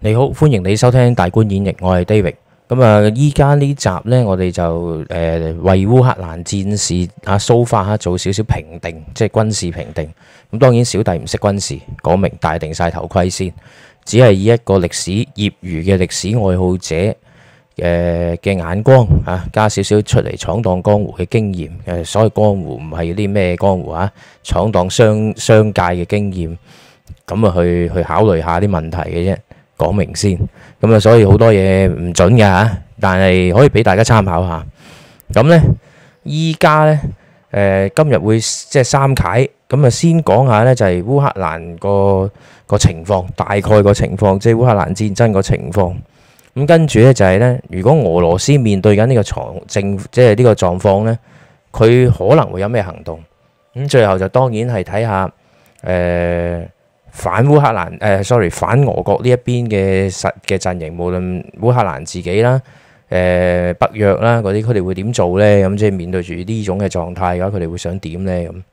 你好，歡迎你收聽大觀演繹，我係 David。咁啊，依家呢集呢，我哋就誒為烏克蘭戰事阿蘇發吓做少少評定，即係軍事評定。咁當然小弟唔識軍事，講明戴定晒頭盔先，只係以一個歷史業餘嘅歷史愛好者嘅嘅眼光吓，加少少出嚟闖蕩江湖嘅經驗誒，所謂江湖唔係啲咩江湖啊，闖蕩商商界嘅經驗咁啊，去去考慮下啲問題嘅啫。講明先，咁啊，所以好多嘢唔準㗎吓，但係可以俾大家參考下。咁咧，依家咧，誒今日會即係三解，咁啊先講下咧就係烏克蘭個個情況，大概個情況，即係烏克蘭戰爭個情況。咁跟住咧就係咧，如果俄羅斯面對緊呢個狀況，即係呢個狀況咧，佢可能會有咩行動？咁最後就當然係睇下誒。反烏克蘭誒、uh，sorry 反俄國呢一邊嘅實嘅陣營，無論烏克蘭自己啦、誒、呃、北約啦嗰啲，佢哋會點做咧？咁、嗯、即係面對住呢種嘅狀態嘅話，佢哋會想點咧？咁、嗯、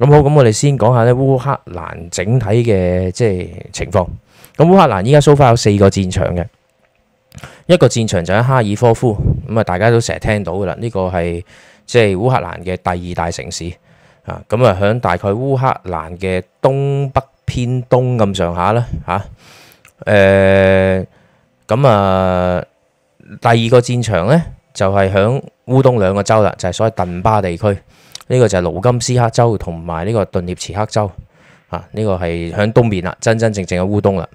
咁好，咁我哋先講下咧烏克蘭整體嘅即係情況。咁、嗯、烏克蘭依家蘇花有四個戰場嘅，一個戰場就喺哈爾科夫，咁、嗯、啊大家都成日聽到嘅啦，呢個係即係烏克蘭嘅第二大城市啊。咁啊喺大概烏克蘭嘅東北。偏東咁上下啦，嚇、啊，誒咁啊。第二個戰場呢，就係、是、響烏東兩個州啦，就係、是、所謂頓巴地區呢、這個就係盧金斯克州同埋呢個頓涅茨克州啊。呢、這個係響東面啦，真真正正嘅烏東啦。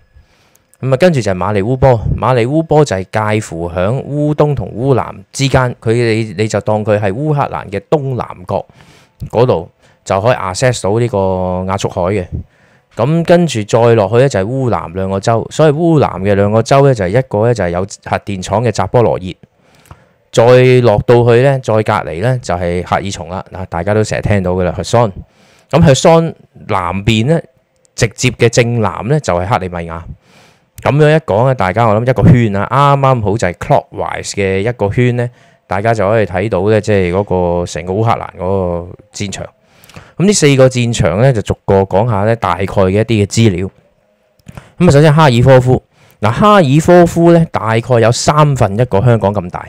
咁啊，跟住就係馬尼烏波，馬尼烏波就係介乎響烏東同烏南之間，佢，你你就當佢係烏克蘭嘅東南角嗰度，就可以 assess 到呢個亞速海嘅。咁跟住再落去咧就係烏南兩個州，所以烏南嘅兩個州咧就係一個咧就係有核電廠嘅扎波羅熱，再落到去咧再隔籬咧就係赫爾松啦，嗱大家都成日聽到噶啦。赫爾松，咁赫爾松南邊咧直接嘅正南咧就係克里米亞，咁樣一講咧，大家我諗一個圈啊，啱啱好就係 clockwise 嘅一個圈咧，大家就可以睇到咧，即係嗰個成個烏克蘭嗰個戰場。咁呢四個戰場咧，就逐個講下咧，大概嘅一啲嘅資料。咁啊，首先哈爾科夫，嗱哈爾科夫咧，大概有三分一個香港咁大，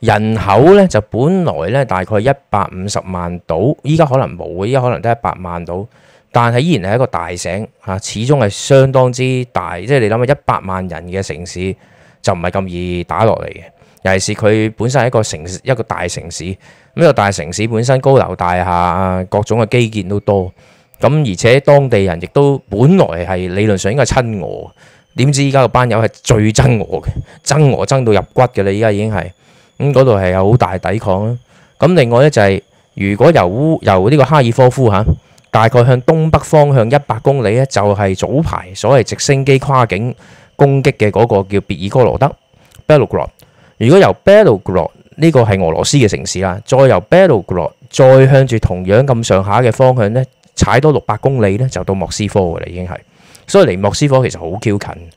人口咧就本來咧大概一百五十萬到，依家可能冇，依家可能都係一百萬到，但係依然係一個大城啊，始終係相當之大，即係你諗下一百萬人嘅城市就唔係咁易打落嚟嘅，尤其是佢本身係一個城一個大城市。呢個大城市本身高樓大廈啊，各種嘅基建都多，咁而且當地人亦都本來係理論上應該係親俄，點知依家個班友係最憎俄嘅，憎俄憎，憎到入骨嘅啦，依家已經係咁嗰度係有好大抵抗啦。咁另外咧就係、是，如果由烏由呢個哈爾科夫嚇、啊，大概向東北方向一百公里咧，就係、是、早排所謂直升機跨境攻擊嘅嗰個叫別爾哥羅德 （Belgorod）。如果由 Belgorod 呢個係俄羅斯嘅城市啦，再由 Belgorod 再向住同樣咁上下嘅方向咧，踩多六百公里咧就到莫斯科㗎啦，已經係。所以離莫斯科其實好 close 近，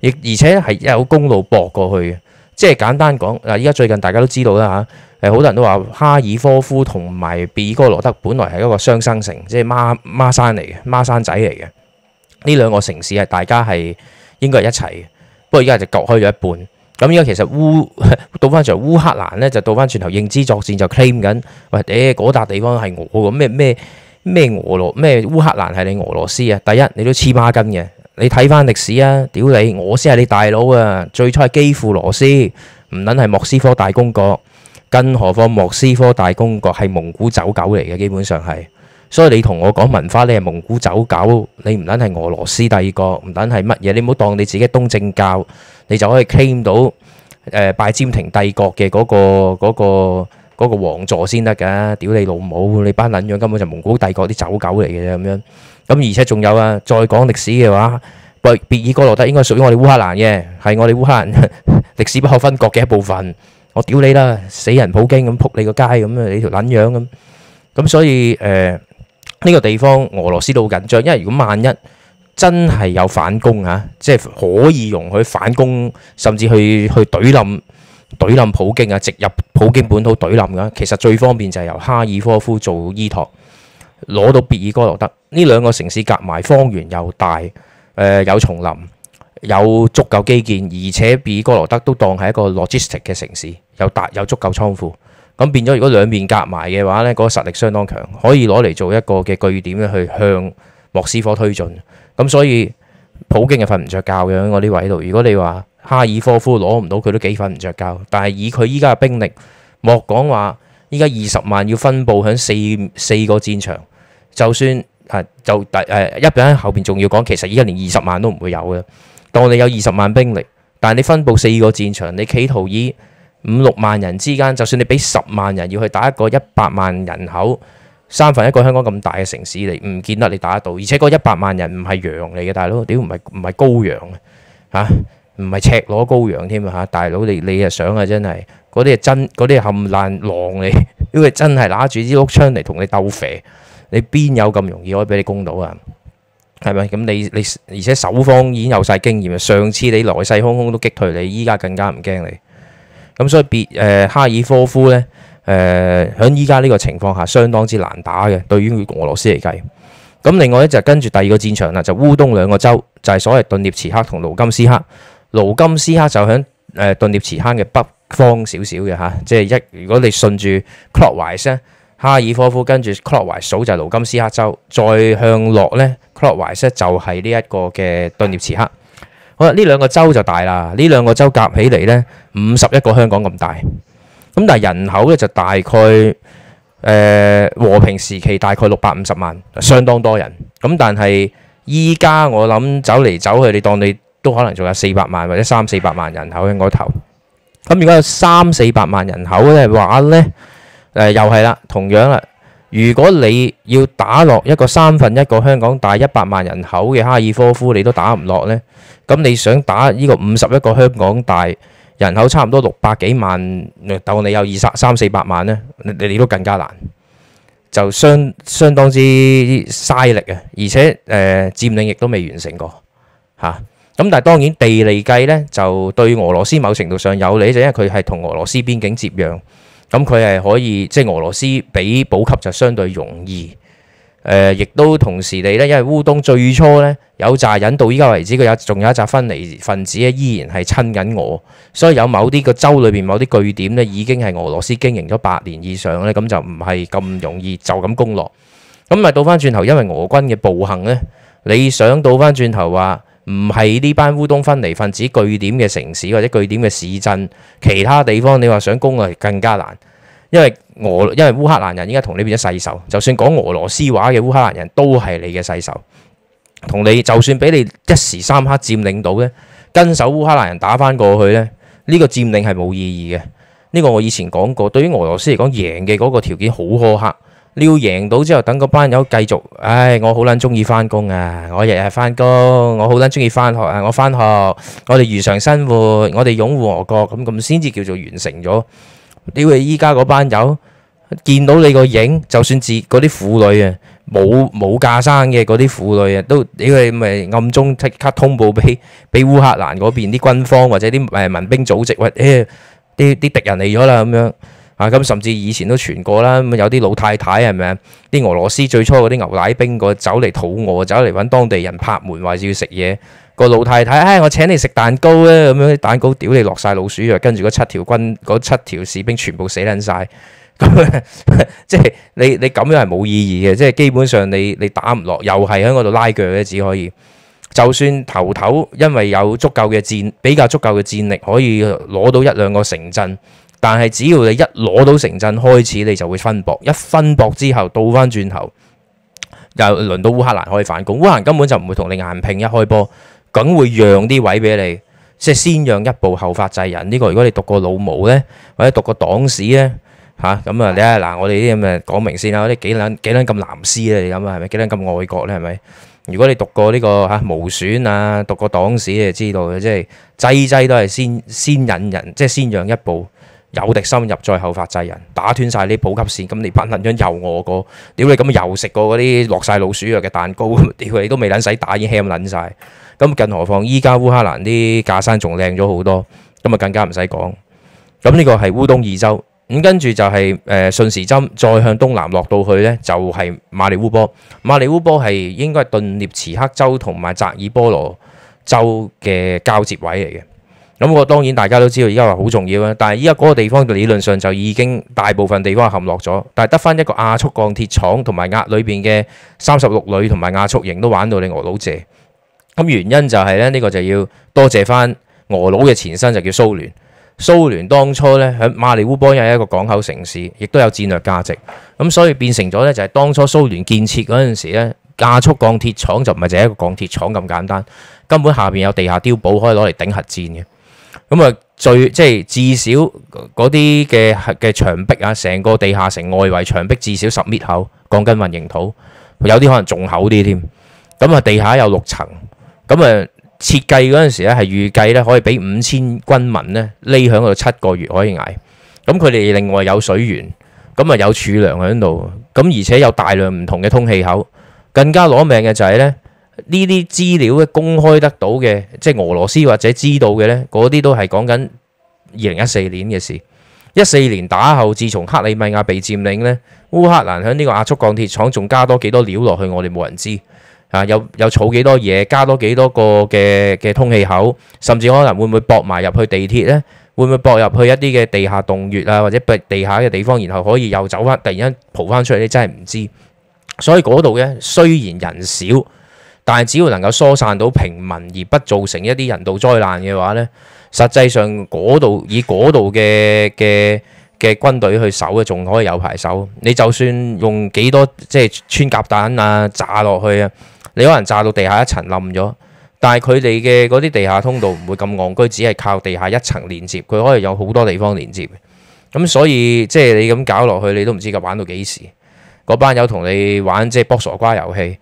亦而且係有公路駁過去。即係簡單講，嗱，依家最近大家都知道啦嚇，誒好多人都話哈爾科夫同埋比哥羅德本來係一個雙生城，即係孖孖山嚟嘅，孖山仔嚟嘅。呢兩個城市係大家係應該係一齊嘅，不過而家就割開咗一半。咁而家其實烏倒翻上烏克蘭咧，就倒翻轉頭認知作戰就 claim 緊，喂，誒嗰笪地方係我嘅咩咩咩俄羅咩烏克蘭係你俄羅斯啊？第一你都黐孖筋嘅，你睇翻歷史啊！屌你，我先係你大佬啊！最初係基輔羅斯，唔撚係莫斯科大公國，更何況莫斯科大公國係蒙古走狗嚟嘅，基本上係。所以你同我講文化，你係蒙古走狗，你唔撚係俄羅斯帝國，唔撚係乜嘢？你唔好當你自己東正教，你就可以 claim 到誒拜占庭帝國嘅嗰個嗰個嗰個王座先得㗎！屌你老母，你班撚樣根本就蒙古帝國啲走狗嚟嘅咁樣。咁而且仲有啊，再講歷史嘅話，別別爾哥羅德應該屬於我哋烏克蘭嘅，係我哋烏克蘭歷史不可分割嘅一部分。我屌你啦，死人普京咁撲你個街咁啊！你條撚樣咁。咁所以誒。呢個地方俄羅斯都好緊張，因為如果萬一真係有反攻嚇，即係可以容許反攻，甚至去去懟冧懟冧普京啊，直入普京本土懟冧嘅。其實最方便就係由哈爾科夫做依託，攞到別爾哥羅德呢兩個城市夾埋，方圓又大，誒、呃、有叢林，有足夠基建，而且別爾哥羅德都當係一個 logistic 嘅城市，有大有足夠倉庫。咁變咗，如果兩邊夾埋嘅話呢，嗰個實力相當強，可以攞嚟做一個嘅據點去向莫斯科推進。咁所以普京係瞓唔着覺嘅喺我呢位度。如果你話哈爾科夫攞唔到，佢都幾瞓唔着覺。但係以佢依家嘅兵力，莫講話依家二十萬要分佈喺四四個戰場，就算係、啊、就第誒一邊喺後邊仲要講，其實依家連二十萬都唔會有嘅。當你有二十萬兵力，但係你分佈四個戰場，你企圖以五六萬人之間，就算你俾十萬人要去打一個一百萬人口三分一個香港咁大嘅城市，你唔見得你打得到。而且嗰一百萬人唔係羊嚟嘅，大佬屌，唔係唔係羔羊啊嚇，唔係赤裸羔羊添啊嚇，大佬你你啊想啊真係嗰啲，係真嗰啲係冚爛狼嚟，如 果真係拿住支屋槍嚟同你鬥肥，你邊有咁容易可以俾你攻到啊？係咪。咁你你，而且守方已經有晒經驗，上次你來勢洶洶都擊退你，依家更加唔驚你。咁所以別誒，哈爾科夫咧，誒喺依家呢個情況下相當之難打嘅，對於俄羅斯嚟計。咁另外咧就跟住第二個戰場啦，就烏東兩個州，就係所謂頓涅茨克同盧甘斯克。盧甘斯克就喺誒頓涅茨克嘅北方少少嘅嚇，即係一如果你順住 clockwise 咧，哈爾科夫跟住 clockwise 數就係盧甘斯克州，再向落咧 clockwise 就係呢一個嘅頓涅茨克。好啦，呢兩個州就大啦，呢兩個州夾起嚟呢，五十一個香港咁大，咁但係人口呢，就大概誒、呃、和平時期大概六百五十萬，相當多人。咁但係依家我諗走嚟走去，你當你都可能仲有四百萬或者三四百萬人口應該頭咁，如果有三四百萬人口嘅話呢，呃、又係啦，同樣啦。如果你要打落一個三分一個香港大一百萬人口嘅哈爾科夫，你都打唔落咧，咁你想打呢個五十一個香港大人口差唔多六百幾萬，當你有二三三四百萬咧，你你都更加難，就相相當之嘥力啊！而且誒佔領亦都未完成過嚇。咁但係當然地利計咧，就對俄羅斯某程度上有利，就因為佢係同俄羅斯邊境接壤。咁佢係可以即係、就是、俄羅斯俾補給就相對容易，誒、呃，亦都同時地咧，因為烏東最初咧有扎引到依家為止，佢有仲有一紮分離分子咧，依然係親緊俄，所以有某啲個州裏邊某啲據點咧，已經係俄羅斯經營咗八年以上咧，咁就唔係咁容易就咁攻落。咁咪倒翻轉頭，因為俄軍嘅暴行咧，你想倒翻轉頭話，唔係呢班烏東分離分子據點嘅城市或者據點嘅市鎮，其他地方你話想攻啊更加難，因為俄因為烏克蘭人依家同你變咗世仇。就算講俄羅斯話嘅烏克蘭人都係你嘅世仇，同你就算俾你一時三刻佔領到咧，跟手烏克蘭人打翻過去呢，呢、這個佔領係冇意義嘅，呢、這個我以前講過，對於俄羅斯嚟講贏嘅嗰個條件好苛刻。你要贏到之後，等嗰班友繼續。唉，我好撚鍾意返工啊！我日日返工，我好撚鍾意返學啊！我返學，我哋如常生活，我哋擁護俄國咁咁先至叫做完成咗。你話依家嗰班友見到你個影，就算自嗰啲婦女啊，冇冇架生嘅嗰啲婦女啊，都你話咪暗中即刻通報俾俾烏克蘭嗰邊啲軍方或者啲誒民兵組織，或者啲啲敵人嚟咗啦咁樣。啊！咁甚至以前都傳過啦，咁、嗯、有啲老太太係咪啊？啲俄羅斯最初嗰啲牛奶兵個走嚟肚餓，走嚟揾當地人拍門，話要食嘢。個老太太唉、哎，我請你食蛋糕咧、啊，咁樣啲蛋糕屌你落晒老鼠藥、啊，跟住嗰七條軍嗰七條士兵全部死撚晒。咁 即係你你咁樣係冇意義嘅，即係基本上你你打唔落，又係喺嗰度拉鋸咧，只可以就算頭頭因為有足夠嘅戰比較足夠嘅戰力，可以攞到一兩個城鎮。但係只要你一攞到城鎮開始，你就會分薄，一分薄之後倒翻轉頭又輪到烏克蘭可以反攻。烏克蘭根本就唔會同你硬拼，一開波梗會讓啲位俾你，即係先讓一步後發制人。呢個如果你讀過老毛咧，或者讀過黨史咧，嚇咁啊你啊，嗱，我哋啲咁嘅講明先啦，啲幾撚幾撚咁藍絲咧，你咁啊係咪幾撚咁愛國咧係咪？如果你讀過呢個嚇毛選啊，讀過黨史你就知道嘅，即係制制都係先先引人，即係先讓一步。有敵深入再後發制人，打斷晒啲補給線，咁你不能樣又餓過，屌你咁又食過嗰啲落晒老鼠藥嘅蛋糕，屌 你都未捻使打，已經黐咁捻曬。咁更何況依家烏克蘭啲架山仲靚咗好多，咁啊更加唔使講。咁呢個係烏東二州，咁跟住就係誒順時針再向東南落到去呢，就係馬里烏波。馬里烏波係應該係頓涅茨克州同埋扎爾波羅州嘅交接位嚟嘅。咁我當然大家都知道，而家話好重要啦。但係依家嗰個地方理論上就已經大部分地方陷落咗，但係得翻一個亞速鋼鐵廠同埋亞裏邊嘅三十六旅同埋亞速營都玩到你俄佬謝。咁原因就係呢，呢個就要多謝翻俄佬嘅前身就叫蘇聯。蘇聯當初呢，喺馬里烏波係一個港口城市，亦都有戰略價值。咁所以變成咗呢，就係當初蘇聯建設嗰陣時呢，亞速鋼鐵廠就唔係淨係一個鋼鐵廠咁簡單，根本下邊有地下碉堡可以攞嚟頂核戰嘅。咁啊、嗯，最即係至少嗰啲嘅嘅牆壁啊，成個地下城外圍牆壁至少十米厚鋼筋混凝土，有啲可能仲厚啲添。咁、嗯、啊，地下有六層，咁、嗯、啊，設計嗰陣時咧係預計咧可以俾五千軍民咧匿喺度七個月可以捱。咁佢哋另外有水源，咁、嗯、啊有儲糧喺度，咁、嗯、而且有大量唔同嘅通氣口，更加攞命嘅就係咧。呢啲資料咧公開得到嘅，即係俄羅斯或者知道嘅呢嗰啲都係講緊二零一四年嘅事。一四年打後，自從克里米亞被佔領呢，烏克蘭喺呢個亞速鋼鐵廠仲加多幾多料落去，我哋冇人知啊。又又儲幾多嘢，加多幾多個嘅嘅通氣口，甚至可能會唔會駁埋入去地鐵呢？會唔會駁入去一啲嘅地下洞穴啊，或者地下嘅地方，然後可以又走翻突然間蒲翻出嚟？你真係唔知。所以嗰度咧，雖然人少。但係只要能夠疏散到平民而不造成一啲人道災難嘅話呢，實際上嗰度以嗰度嘅嘅嘅軍隊去守咧，仲可以有排守。你就算用幾多即係穿甲彈啊，炸落去啊，你可能炸到地下一層冧咗，但係佢哋嘅嗰啲地下通道唔會咁戇居，只係靠地下一層連接，佢可以有好多地方連接。咁所以即係你咁搞落去，你都唔知佢玩到幾時。嗰班友同你玩即係博傻瓜遊戲。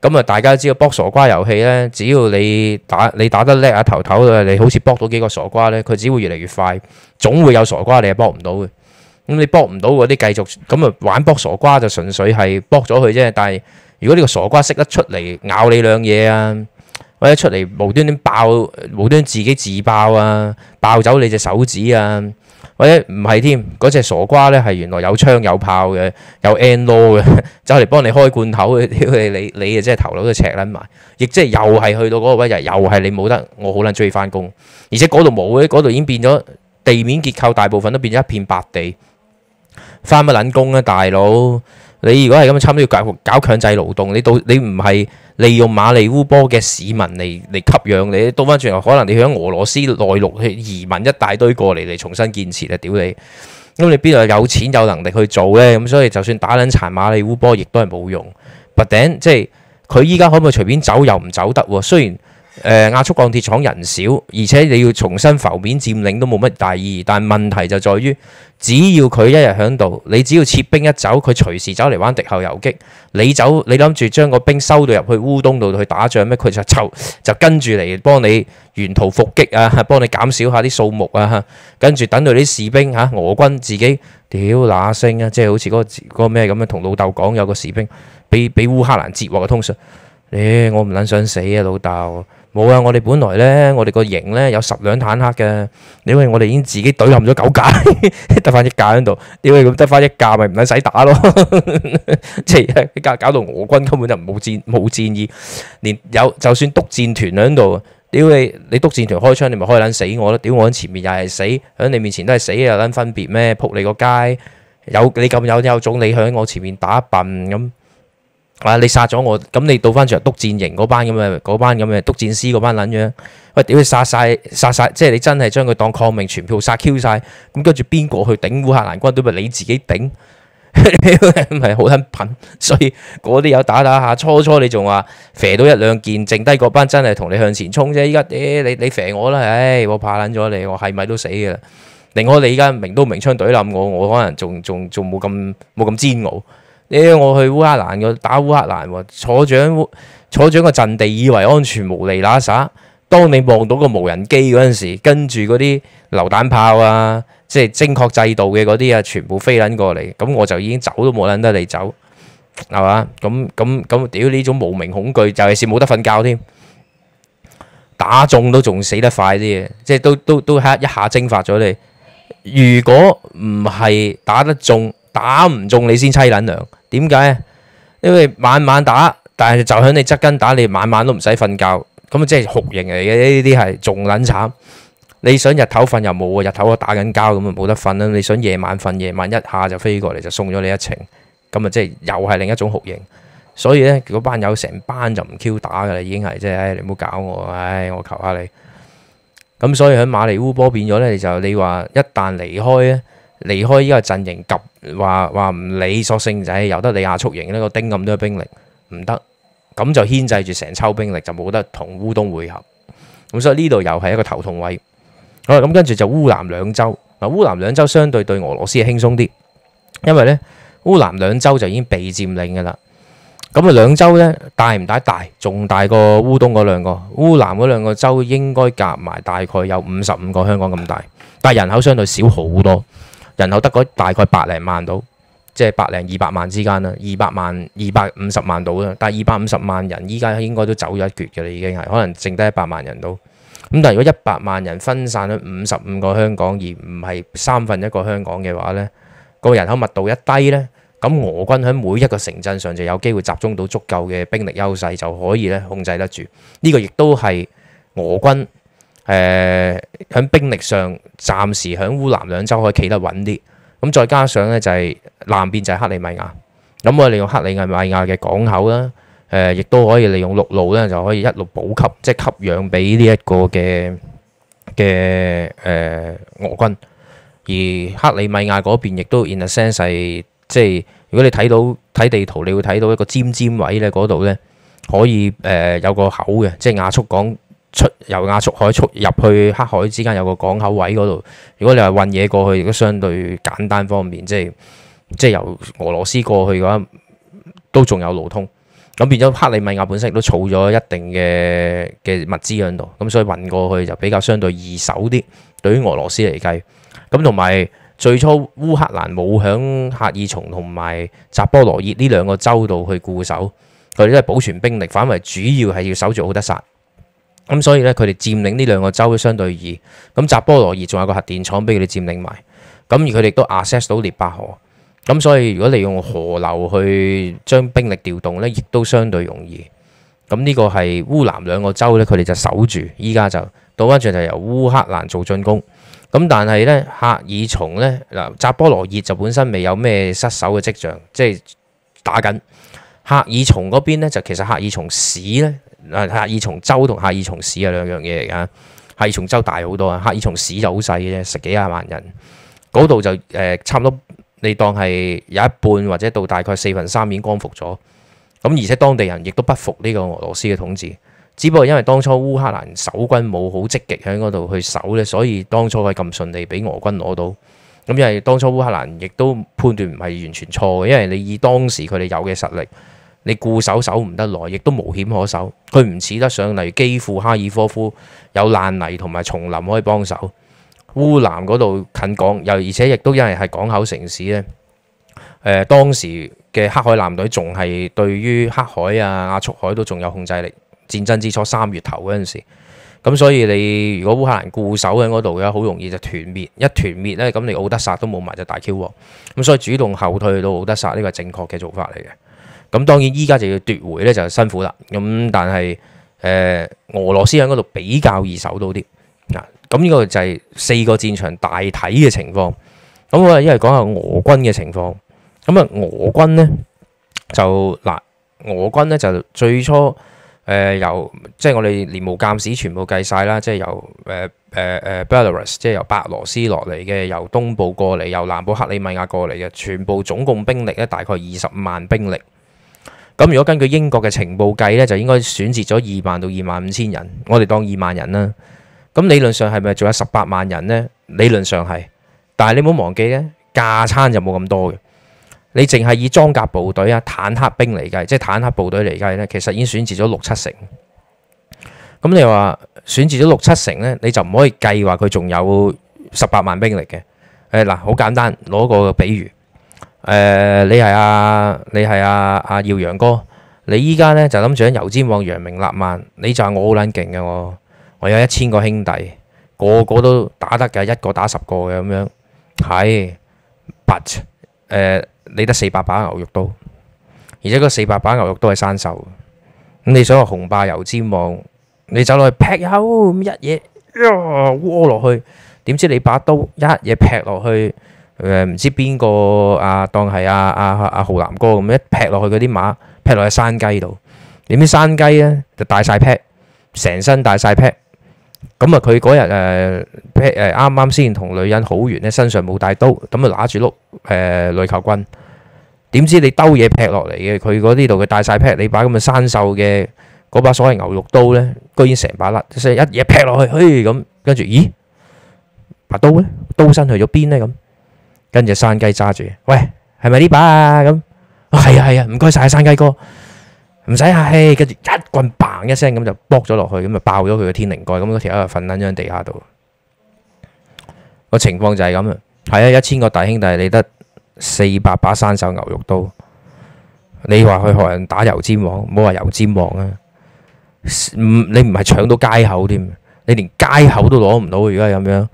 咁啊！大家都知道卜傻瓜遊戲咧，只要你打你打得叻啊，頭頭啊，你好似卜到幾個傻瓜咧，佢只會越嚟越快，總會有傻瓜你係卜唔到嘅。咁你卜唔到嗰啲繼續咁啊，就玩卜傻瓜就純粹係卜咗佢啫。但係如果呢個傻瓜識得出嚟咬你兩嘢啊，或者出嚟無端端爆，無端端自己自爆啊，爆走你隻手指啊！或者唔係添，嗰隻傻瓜咧係原來有槍有炮嘅，有 N law 嘅， 走嚟幫你開罐頭嘅，你你你啊，即係頭腦都赤撚埋，亦即係又係去到嗰個位就又係你冇得，我好撚鍾意翻工，而且嗰度冇嘅，嗰度已經變咗地面結構，大部分都變咗一片白地，翻乜撚工啊，大佬！你如果係咁，差唔多搞搞強制勞動，你到你唔係利用馬里烏波嘅市民嚟嚟吸氧，你倒翻轉頭，可能你響俄羅斯內陸去移民一大堆過嚟嚟重新建設啊！屌你，咁你邊度有錢有能力去做呢？咁所以就算打撚殘馬里烏波，亦都係冇用。b u 即係佢依家可唔可以隨便走又唔走得喎？雖然誒，亞、呃、速鋼鐵廠人少，而且你要重新浮面佔領都冇乜大意義。但係問題就在於，只要佢一日喺度，你只要撤兵一走，佢隨時走嚟，玩敵後游擊。你走，你諗住將個兵收到入去烏東度去打仗咩？佢就湊，就跟住嚟幫你沿途伏擊啊，幫你減少下啲數目啊。跟住等到啲士兵吓、啊，俄軍自己屌乸聲啊，即、就、係、是、好似嗰、那個咩咁啊，同、那個、老豆講有個士兵俾俾烏克蘭截獲嘅通訊，誒、欸，我唔撚想死啊，老豆。冇啊！我哋本來咧，我哋個營咧有十輛坦克嘅，屌你！我哋已經自己懟冧咗九架，得 翻一架喺度。屌你咁得翻一架咪唔使使打咯，即係一架搞到俄軍根本就冇戰冇戰意，連有就算督戰團喺度，屌你！你督戰團開槍，你咪開卵死我咯！屌我喺前面又係死，喺你面前都係死，有卵分別咩？仆你個街有你咁有有種，你響我前面打笨咁。啊！你殺咗我，咁你到翻著督戰營嗰班咁嘅嗰班咁嘅督戰師嗰班撚樣，喂屌你殺晒，殺晒，即係你真係將佢當抗命，全票殺 Q 晒。咁跟住邊個去頂烏克蘭軍隊咪你自己頂？唔係好撚品。所以嗰啲有打打下，初初你仲話射到一兩件，剩低嗰班真係同你向前衝啫。依家、欸、你你射我啦，唉、哎、我怕撚咗你，我係咪都死嘅？另外你而家明刀明槍隊冧我，我可能仲仲仲冇咁冇咁煎熬。你、欸、我去烏克蘭打烏克蘭、哦、坐住喺坐住喺個陣地，以為安全無釐那撒。當你望到個無人機嗰陣時，跟住嗰啲榴彈炮啊，即係精確制導嘅嗰啲啊，全部飛撚過嚟，咁我就已經走都冇撚得你走，係嘛？咁咁咁屌呢種無名恐懼，就係冇得瞓覺添。打中都仲死得快啲嘅，即係都都都喺一下蒸發咗你。如果唔係打得中，打唔中你先凄撚涼。點解？因為晚晚打，但係就喺你側跟打，你晚晚都唔使瞓覺，咁啊即係酷刑嚟嘅，呢啲係仲撚慘。你想日頭瞓又冇啊，日頭我打緊交，咁啊冇得瞓啦。你想夜晚瞓，夜晚一下就飛過嚟就送咗你一程，咁啊即係又係另一種酷刑。所以咧嗰班友成班就唔 Q 打噶啦，已經係即係唉，你唔好搞我，唉，我求下你。咁所以喺馬里烏波變咗咧，就你話一旦離開咧。離開呢個陣營，及話話唔理，索性就係由得你亞速營呢個丁咁多兵力唔得？咁就牽制住成抽兵力，就冇得同烏東會合。咁所以呢度又係一個頭痛位。好啦，咁跟住就烏南兩州嗱，烏南兩州相對對俄羅斯係輕鬆啲，因為呢烏南兩州就已經被佔領㗎啦。咁啊，兩州呢，大唔大？大，仲大過烏東嗰兩個。烏南嗰兩個州應該夾埋大概有五十五個香港咁大，但係人口相對少好多。人口得嗰大概百零萬到，即係百零二百萬之間啦，二百萬、二百五十萬到啦。但係二百五十萬人依家應該都走咗一橛嘅啦，已經係可能剩低一百萬人到。咁但係如果一百萬人分散喺五十五個香港，而唔係三分一個香港嘅話呢，個人口密度一低呢，咁俄軍喺每一個城鎮上就有機會集中到足夠嘅兵力優勢，就可以咧控制得住。呢個亦都係俄軍。誒喺兵力上，暫時喺烏南兩州可以企得穩啲。咁再加上咧，就係、是、南邊就係克里米亞。咁我利用克里米亞嘅港口啦，誒、呃，亦都可以利用陸路咧，就可以一路補給，即係吸氧俾呢一個嘅嘅誒俄軍。而克里米亞嗰邊亦都 in a sense 即係如果你睇到睇地圖，你會睇到一個尖尖位咧，嗰度咧可以誒、呃、有個口嘅，即係亞速港。出由亞速海出入去黑海之間有個港口位嗰度，如果你係運嘢過去，亦都相對簡單方便。即係即係由俄羅斯過去嘅話，都仲有路通。咁變咗克里米亞本身亦都儲咗一定嘅嘅物資喺度，咁所以運過去就比較相對易守啲。對於俄羅斯嚟計，咁同埋最初烏克蘭冇響赫爾松同埋扎波羅熱呢兩個州度去固守，佢哋都係保存兵力，反為主要係要守住奧德薩。咁所以咧，佢哋佔領呢兩個州相對易。咁扎波羅熱仲有個核電廠俾佢哋佔領埋。咁而佢哋都 access 到列巴河。咁所以，如果你用河流去將兵力調動咧，亦都相對容易。咁呢個係烏南兩個州咧，佢哋就守住。依家就倒翻轉就由烏克蘭做進攻。咁但係咧，赫爾松咧嗱，扎波羅熱就本身未有咩失守嘅跡象，即係打緊。克爾松嗰邊咧，就其實克爾松市呢。啊，克爾松州同克爾松市係兩樣嘢嚟噶。克爾松州大好多啊，克爾松市就好細嘅，啫。十幾廿萬人嗰度就誒、呃，差唔多你當係有一半或者到大概四分三面光復咗咁，而且當地人亦都不服呢個俄羅斯嘅統治。只不過因為當初烏克蘭守軍冇好積極喺嗰度去守呢，所以當初係咁順利俾俄軍攞到咁。因為當初烏克蘭亦都判斷唔係完全錯嘅，因為你以當時佢哋有嘅實力。你固守守唔得耐，亦都無險可守。佢唔似得上，例如基輔、哈爾科夫有爛泥同埋叢林可以幫手。烏南嗰度近港，又而且亦都因為係港口城市呢誒、呃，當時嘅黑海艦隊仲係對於黑海啊、亞速海都仲有控制力。戰爭之初三月頭嗰陣時，咁所以你如果烏克蘭固守喺嗰度嘅好容易就團滅。一團滅呢，咁你敖德薩都冇埋就大 Q 喎。咁所以主動後退到敖德薩呢、呢個正確嘅做法嚟嘅。咁當然依家就要奪回咧，就辛苦啦。咁但係誒、呃，俄羅斯喺嗰度比較易守到啲嗱。咁、嗯、呢、呢個就係四個戰場大體嘅情況。咁我哋一係講下俄軍嘅情況。咁啊俄軍咧就嗱，俄軍咧就，、呃、就最初誒、呃、由即係、就是、我哋連無鑑史全部計晒啦，即、就、係、是、由誒誒誒 Belarus 即係由白羅斯落嚟嘅，由東部過嚟，由南部克里米亞過嚟嘅，全部總共兵力咧大概二十萬兵力。咁如果根據英國嘅情報計呢，就應該損折咗二萬到二萬五千人，我哋當二萬人啦。咁理論上係咪仲有十八萬人呢？理論上係，但係你唔好忘記呢，架撐就冇咁多嘅。你淨係以裝甲部隊啊、坦克兵嚟計，即係坦克部隊嚟計呢，其實已經損折咗六七成。咁你話損折咗六七成呢，你就唔可以計話佢仲有十八萬兵嚟嘅。誒嗱，好簡單，攞個比喻。誒、呃，你係阿、啊、你係阿阿耀陽哥，你依家咧就諗住喺油尖旺揚名立萬，你就係我好撚勁嘅我，我有一千個兄弟，個個都打得嘅，一個打十個嘅咁樣。係，but 誒，你得四百把牛肉刀，而且嗰四百把牛肉刀係生鏽，咁你想話紅霸油尖旺，你走落去劈友，咁一嘢，哇、呃，窩落去，點知你把刀一嘢劈落去？誒，唔知邊個啊，當係阿阿阿浩南哥咁一劈落去，嗰啲馬劈落去山雞度，點知山雞咧就帶曬劈，成身帶曬劈。咁啊，佢嗰日誒劈誒啱啱先同女人好完咧，身上冇帶刀，咁啊拿住碌誒壘球棍。點知你兜嘢劈落嚟嘅，佢嗰呢度佢帶曬劈，你把咁嘅生鏽嘅嗰把所謂牛肉刀咧，居然成把甩，一嘢劈落去，嘿，咁跟住咦，把刀咧刀身去咗邊咧咁？跟住山雞揸住，喂，係咪呢把啊？咁，係啊係啊，唔該晒啊，山雞哥，唔使客氣，跟住一棍 bang 一聲咁就剝咗落去，咁就爆咗佢個天靈蓋，咁嗰條友就瞓喺張地下度。個情況就係咁啊，係啊，一千個大兄弟，但係你得四百把山手牛肉刀，你話去學人打油尖旺，唔好話油尖旺啊，唔，你唔係搶到街口添，你連街口都攞唔到，而家咁樣。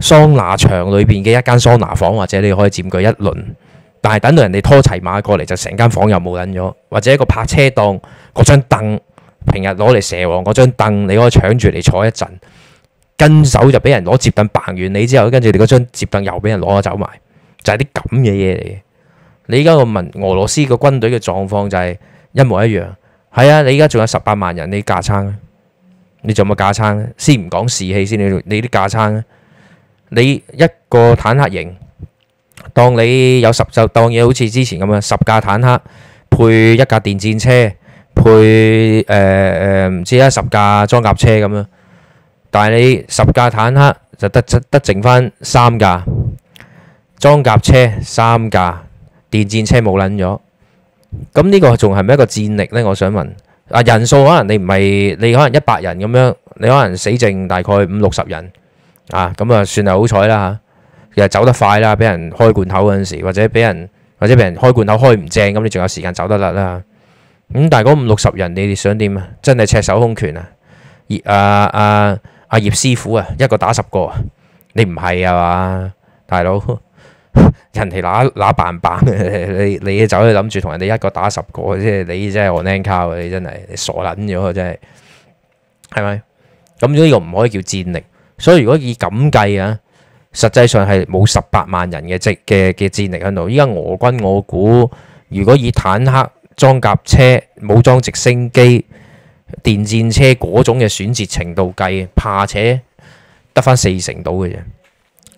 桑拿場裏邊嘅一間桑拿房，或者你可以佔據一輪，但係等到人哋拖齊馬過嚟，就成間房又冇緊咗。或者一個泊車檔嗰張凳，平日攞嚟蛇王嗰張凳，你可以搶住嚟坐一陣，跟手就俾人攞摺凳，辦完你之後，跟住你嗰張摺凳又俾人攞咗走埋，就係啲咁嘅嘢嚟嘅。你依家個民俄羅斯個軍隊嘅狀況就係一模一樣。係啊，你依家仲有十八萬人，你架撐，你做乜做架撐先？唔講士氣先，你啲架撐。你一個坦克營，當你有十就當嘢好似之前咁樣，十架坦克配一架電戰車，配誒誒唔知啊十架裝甲車咁樣，但係你十架坦克就得就得剩翻三架裝甲車，三架電戰車冇撚咗，咁呢個仲係咪一個戰力呢？我想問人數可能你唔係，你可能一百人咁樣，你可能死剩大概五六十人。啊，咁啊算係好彩啦吓，又走得快啦，俾人開罐頭嗰陣時，或者俾人或者俾人開罐頭開唔正，咁你仲有時間走得甩啦。咁、嗯、但係嗰五六十人，你哋想點啊？真係赤手空拳啊！葉阿阿阿葉師傅啊，一個打十個啊！你唔係啊嘛，大佬，人哋拿拿板板，你你走去諗住同人哋一個打十個，即係你真係我難靠，你真係傻捻咗，真係，係咪？咁呢個唔可以叫戰力。所以如果以咁計啊，實際上係冇十八萬人嘅藉嘅嘅戰力喺度。依家俄軍我估，如果以坦克裝甲車、武裝直升機、電戰車嗰種嘅選擇程度計，怕且得返四成度嘅啫。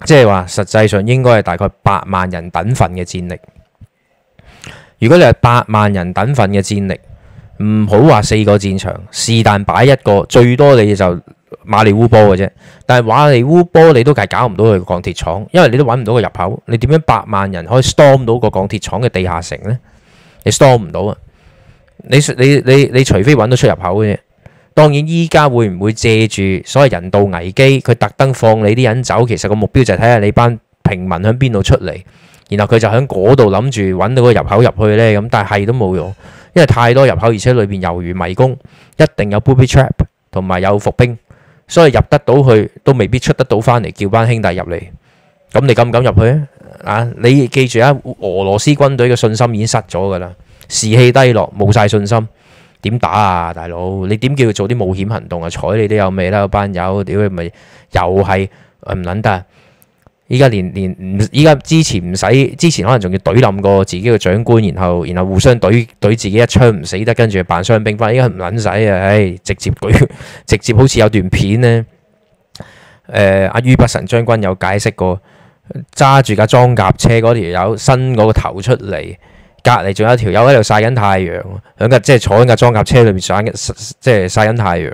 即係話實際上應該係大概八萬人等份嘅戰力。如果你係八萬人等份嘅戰力，唔好話四個戰場，是但擺一個最多你就。馬里烏波嘅啫，但係馬里烏波你都係搞唔到佢個鋼鐵廠，因為你都揾唔到個入口。你點樣百萬人可以 storm 到個鋼鐵廠嘅地下城咧？你 storm 唔到啊！你你你你除非揾到出入口嘅啫。當然依家會唔會借住所謂人道危機，佢特登放你啲人走，其實個目標就係睇下你班平民響邊度出嚟，然後佢就響嗰度諗住揾到個入口入去咧。咁但係都冇用，因為太多入口，而且裏邊猶如迷宮，一定有 booby trap 同埋有伏兵。所以入得到去都未必出得到翻嚟，叫班兄弟入嚟，咁你敢唔敢入去啊？啊，你記住啊，俄羅斯軍隊嘅信心已經失咗噶啦，士氣低落，冇晒信心，點打啊，大佬？你點叫佢做啲冒險行動啊？睬你都有味啦，班友，屌佢咪又係唔捻得。呃依家連連唔依家之前唔使，之前可能仲要懟冧過自己個長官，然後然後互相懟懟自己一槍唔死得，跟住扮傷兵翻。依家唔撚使啊，唉、哎，直接懟，直接好似有段片呢。誒、呃，阿於北辰將軍有解釋過，揸住架裝甲車嗰條友伸嗰個頭出嚟，隔離仲有一條友喺度晒緊太陽，兩即係坐喺架裝甲車裏面上，即係晒緊太陽。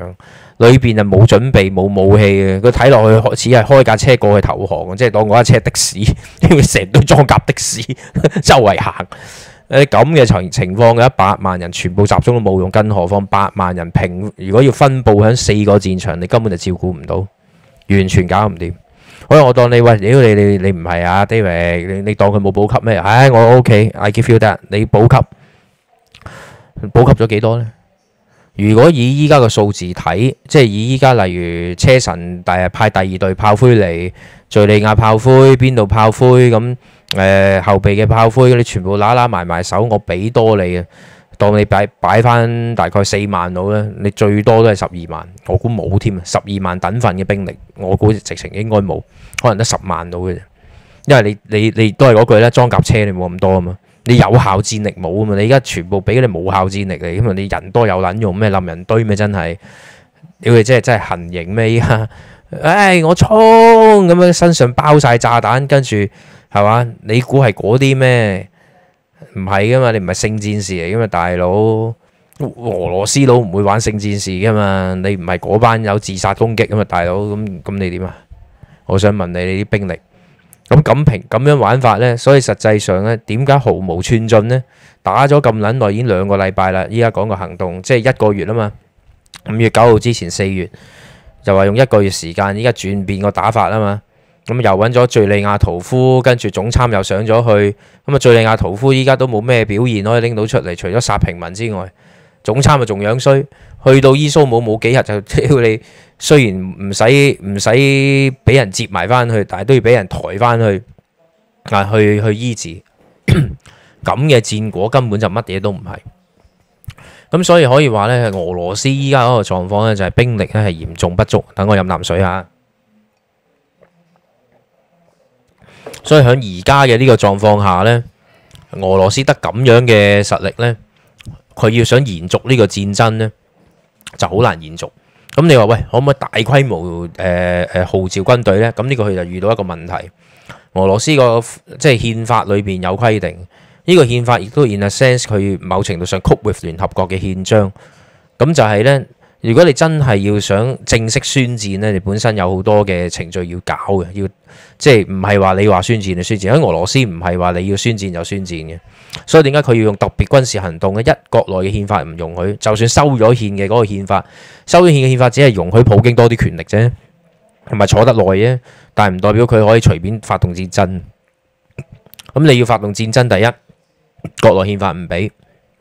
裏邊就冇準備冇武器嘅，佢睇落去開始係開架車過去投降，即係當嗰架車的士，因為成堆裝甲的士周圍行。咁嘅情情況嘅一百萬人全部集中都冇用，更何況百萬人平，如果要分布喺四個戰場，你根本就照顧唔到，完全搞唔掂。所以我當你喂，屌你你你唔係啊，David，你你當佢冇補給咩？唉，我 OK，I give you that，你補給補給咗幾多呢？如果以依家嘅數字睇，即係以依家例如車臣第日派第二隊炮灰嚟，敍利亞炮灰，邊度炮灰咁？誒、呃、後備嘅炮灰，你全部拉拉埋埋手，我俾多你嘅，當你擺擺翻大概四萬到啦，你最多都係十二萬，我估冇添啊，十二萬等份嘅兵力，我估直情應該冇，可能得十萬到嘅啫，因為你你你都係嗰句啦，裝甲車你冇咁多啊嘛。你有效戰力冇啊嘛，你而家全部俾你冇效戰力嚟，因為你人多有撚用咩？冧人堆咩？真係，屌你真係真係行刑咩？唉、哎，我衝咁樣身上包晒炸彈，跟住係嘛？你估係嗰啲咩？唔係噶嘛，你唔係聖戰士嚟，因為大佬俄羅斯佬唔會玩聖戰士噶嘛，你唔係嗰班有自殺攻擊噶嘛，大佬咁咁你點啊？我想問你你啲兵力。咁咁樣玩法呢？所以實際上咧，點解毫無寸進呢？打咗咁撚耐，已經兩個禮拜啦，依家講個行動，即係一個月啊嘛。五月九號之前四月，就話用一個月時間，依家轉變個打法啊嘛。咁又揾咗敘利亞屠夫，跟住總參又上咗去。咁啊，敘利亞屠夫依家都冇咩表現可以拎到出嚟，除咗殺平民之外。總參咪仲樣衰，e 去到伊蘇姆冇幾日就只要你雖然唔使唔使俾人接埋翻去，但係都要俾人抬翻去，啊，去去醫治。 佢要想延續呢個戰爭呢，就好難延續。咁你話喂，可唔可以大規模誒誒、呃、號召軍隊呢？咁呢個佢就遇到一個問題。俄羅斯個即係憲法裏邊有規定，呢、呢個憲法亦都 in a sense 佢某程度上 cope with 聯合國嘅憲章。咁就係呢。如果你真係要想正式宣戰呢，你本身有好多嘅程序要搞嘅，要即係唔係話你話宣戰就宣戰。喺俄羅斯唔係話你要宣戰就宣戰嘅，所以點解佢要用特別軍事行動呢？一國內嘅憲法唔容許，就算修咗憲嘅嗰個憲法，修咗憲嘅憲法只係容許普京多啲權力啫，同埋坐得耐啫，但係唔代表佢可以隨便發動戰爭。咁你要發動戰爭，第一國內憲法唔俾，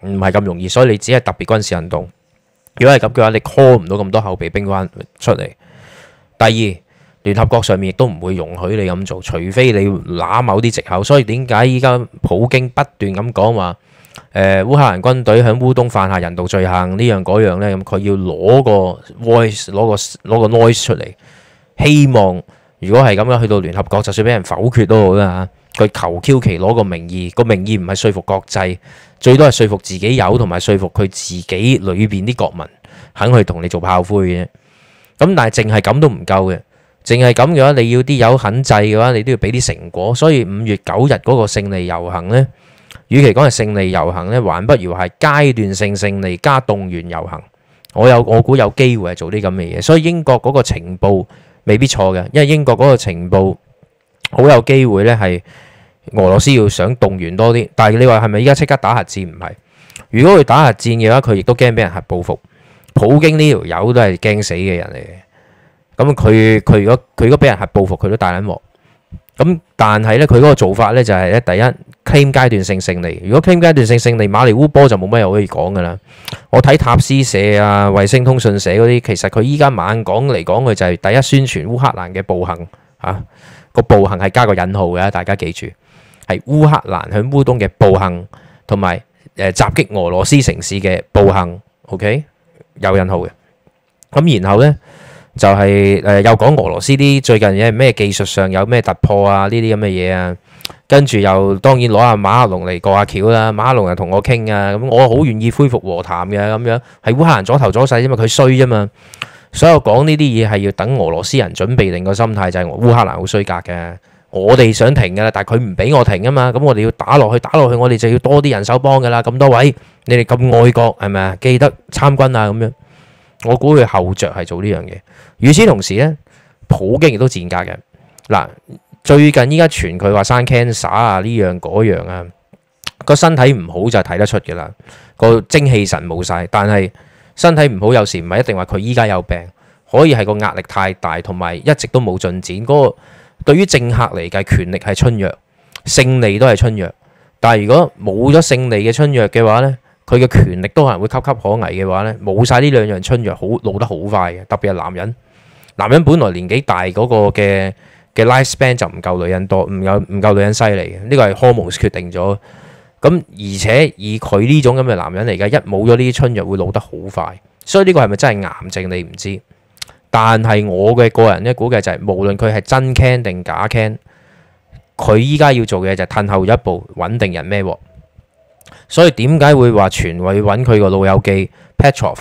唔係咁容易，所以你只係特別軍事行動。如果係咁嘅話，你 call 唔到咁多後備兵翻出嚟。第二，聯合國上面亦都唔會容許你咁做，除非你揦某啲藉口。所以點解依家普京不斷咁講話，誒、呃、烏克蘭軍隊響烏東犯下人道罪行呢樣嗰樣咧？咁佢要攞個 voice，攞個攞個 noise 出嚟，希望如果係咁樣去到聯合國，就算俾人否決都好啦。佢求其攞個名義，個名義唔係說服國際，最多係說服自己有同埋說服佢自己裏邊啲國民肯去同你做炮灰嘅。咁但係淨係咁都唔夠嘅，淨係咁嘅話，你要啲有肯制嘅話，你都要俾啲成果。所以五月九日嗰個勝利遊行呢，與其講係勝利遊行呢，還不如係階段性勝利加動員遊行。我有我估有機會係做啲咁嘅嘢。所以英國嗰個情報未必錯嘅，因為英國嗰個情報好有機會呢係。俄羅斯要想動員多啲，但係你話係咪依家即刻打核戰？唔係，如果佢打核戰嘅話，佢亦都驚俾人核報復。普京呢條友都係驚死嘅人嚟嘅。咁佢佢如果佢如果俾人核報復，佢都大捻鑊。咁但係咧，佢嗰個做法咧就係咧，第一 claim 階段性勝利。如果 claim 階段性勝利，馬利烏波就冇乜嘢可以講㗎啦。我睇塔斯社啊、衛星通訊社嗰啲，其實佢依家猛講嚟講佢就係第一宣傳烏克蘭嘅暴行嚇，個、啊、暴行係加個引號嘅，大家記住。係烏克蘭喺烏東嘅暴行，同埋誒襲擊俄羅斯城市嘅暴行，OK，有引號嘅。咁然後咧就係、是、誒、呃、又講俄羅斯啲最近嘅咩技術上有咩突破啊？呢啲咁嘅嘢啊，跟住又當然攞阿馬克龍嚟過下橋啦、啊。馬克龍又同我傾啊，咁我好願意恢復和談嘅咁樣。係烏克蘭阻頭阻勢因為佢衰啫嘛。所以我講呢啲嘢係要等俄羅斯人準備定個心態，就係、是、烏克蘭好衰格嘅。我哋想停噶啦，但係佢唔俾我停啊嘛，咁我哋要打落去，打落去，我哋就要多啲人手幫噶啦。咁多位，你哋咁愛國係咪啊？記得參軍啊咁樣。我估佢後着係做呢樣嘢。與此同時呢，普京亦都賤格嘅。嗱，最近依家傳佢話生 cancer 啊，呢樣嗰樣啊，個身體唔好就睇得出嘅啦。個精氣神冇晒，但係身體唔好有時唔係一定話佢依家有病，可以係個壓力太大，同埋一直都冇進展嗰個。對於政客嚟計，權力係春藥，勝利都係春藥。但係如果冇咗勝利嘅春藥嘅話呢，佢嘅權力都係會岌岌可危嘅話呢，冇晒呢兩樣春藥，好老得好快嘅。特別係男人，男人本來年紀大嗰個嘅嘅 lifespan 就唔夠女人多，唔夠唔夠女人犀利嘅。呢個係 hormones 決定咗。咁而且以佢呢種咁嘅男人嚟計，一冇咗呢啲春藥，會老得好快。所以呢個係咪真係癌症，你唔知？但係我嘅個人咧估計就係、是、無論佢係真 can 定假 can，佢依家要做嘅就係褪後一步揾定人孭鑊。所以點解會話傳位要揾佢個老友記 Petrov，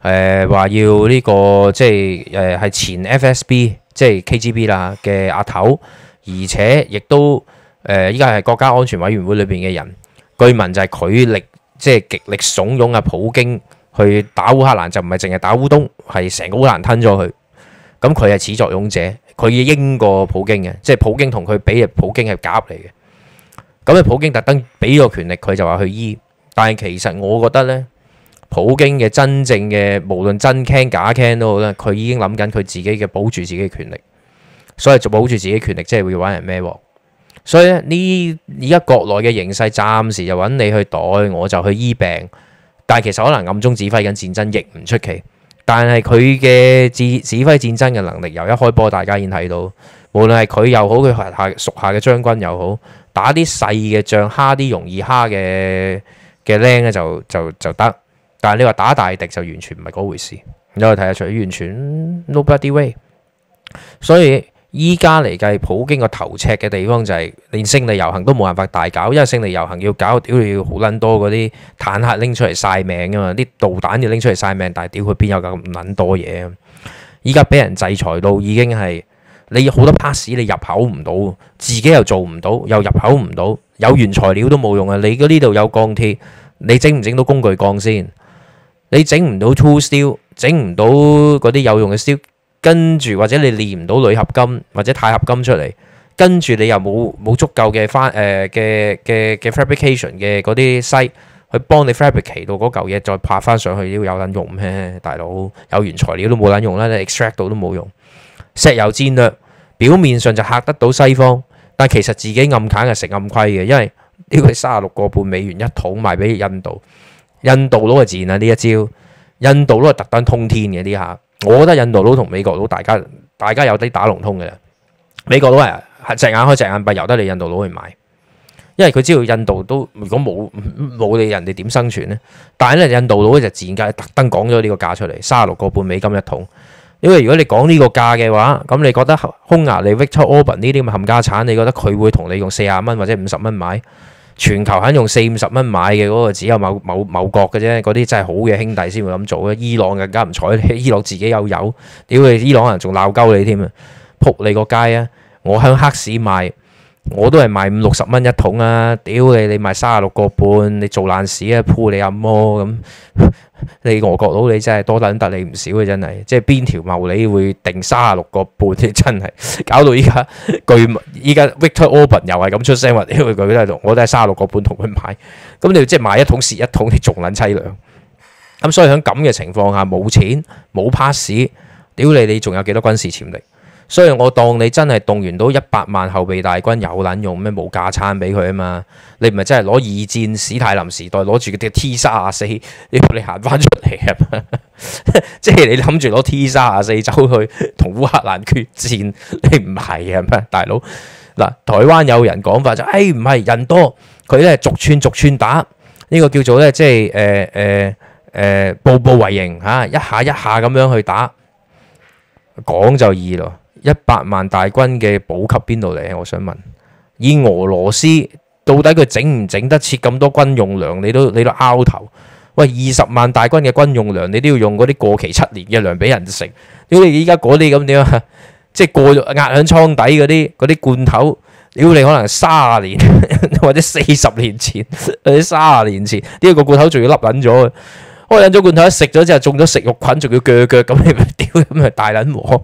誒話要呢、這個即係誒係前 FSB 即係 KGB 啦嘅阿頭，而且亦都誒依家係國家安全委員會裏邊嘅人，據聞就係佢力即係極力慫恿阿普京。去打烏克蘭就唔係淨係打烏東，係成個烏克蘭吞咗佢。咁佢係始作俑者，佢已經鷹過普京嘅，即係普京同佢比，普京係鴿嚟嘅。咁咧，普京特登俾個權力佢就話去醫，但係其實我覺得呢，普京嘅真正嘅無論真傾假傾都好咧，佢已經諗緊佢自己嘅保住自己嘅權力，所以保住自己權力，即係會搵人孭喎。所以呢，而家國內嘅形勢暫時就揾你去袋，我就去醫病。但係其實可能暗中指揮緊戰爭亦唔出奇，但係佢嘅指指揮戰爭嘅能力，由一開波大家已經睇到，無論係佢又好，佢下屬下嘅將軍又好，打啲細嘅仗，蝦啲容易蝦嘅嘅僆咧就就就得，但係你話打大敵就完全唔係嗰回事，你可以睇下，除咗完全 no bloody way，所以依家嚟計，普京個頭赤嘅地方就係連勝利遊行都冇辦法大搞，因為勝利遊行要搞，屌你要好撚多嗰啲坦克拎出嚟晒命㗎嘛！啲導彈要拎出嚟晒命，但係屌佢邊有咁撚多嘢啊！依家俾人制裁到已經係你好多 pass 你入口唔到，自己又做唔到，又入口唔到，有原材料都冇用啊！你呢度有鋼鐵，你整唔整到工具鋼先？你整唔到粗銷，整唔到嗰啲有用嘅銷。跟住或者你煉唔到鋁合金或者鈦合金出嚟，跟住你又冇冇足夠嘅翻誒嘅嘅嘅 fabrication 嘅嗰啲西去幫你 fabricate 到嗰嚿嘢再拍翻上去，有撚用咩？大佬有原材料都冇撚用啦，你 extract 到都冇用。石油戰略表面上就嚇得到西方，但其實自己暗砍係食暗虧嘅，因為呢個卅六個半美元一桶賣俾印度，印度嗰個自然啊呢一招，印度嗰個特登通天嘅呢下。我覺得印度佬同美國佬大家大家有啲打龍通嘅，美國佬啊係隻眼開隻隻眼閉，由得你印度佬去買，因為佢知道印度都如果冇冇你人哋點生存咧？但係咧，印度佬就自然界特登講咗呢個價出嚟，三十六個半美金一桶。因為如果你講呢個價嘅話，咁你覺得匈牙利、Viktor Orban 呢啲咁嘅冚家產，你覺得佢會同你用四十蚊或者五十蚊買？全球肯用四五十蚊買嘅嗰個只有某某某國嘅啫，嗰啲真係好嘅兄弟先會咁做嘅。伊朗更加唔睬你，伊朗自己有油，屌你！伊朗人仲鬧鳩你添啊，仆你個街啊！我向黑市賣。我都係賣五六十蚊一桶啊！屌你，你賣三十六個半，你做爛屎啊！鋪你阿摩咁， 你俄國佬你真係多撚得你唔少嘅、啊、真係，即係邊條謀你會定三十六個半？真係搞到依家巨依家 Victor Orban 又係咁出聲話，因為佢都係做，我都係三十六個半同佢買。咁你即係買一桶蝕一桶，你仲撚淒涼。咁所以喺咁嘅情況下，冇錢冇 pass，屌你，你仲有幾多軍事潛力？所以我當你真係動員到一百萬後備大軍有撚用咩？冇架撐俾佢啊嘛！你唔係真係攞二戰史泰林時代攞住嗰啲 T 三四， 你你行翻出嚟啊？即係你諗住攞 T 三四走去同烏克蘭決戰，你唔係啊？咩大佬嗱？台灣有人講法就誒唔係人多，佢咧逐寸逐寸打，呢個叫做咧即係誒誒誒步步為營嚇，一下一下咁樣去打，講就易咯。一百萬大軍嘅補給邊度嚟？我想問，以俄羅斯到底佢整唔整得切咁多軍用糧？你都你都拗頭喂，二十萬大軍嘅軍用糧，你都要用嗰啲過期七年嘅糧俾人食？屌你依家嗰啲咁點啊，即係過壓響倉底嗰啲啲罐頭，屌你可能卅年 或者四十年前或者卅年前呢個罐頭仲要笠撚咗，凹撚咗罐頭一食咗之後中咗食肉菌，仲要鋸腳咁，你咪屌咁咪大撚王？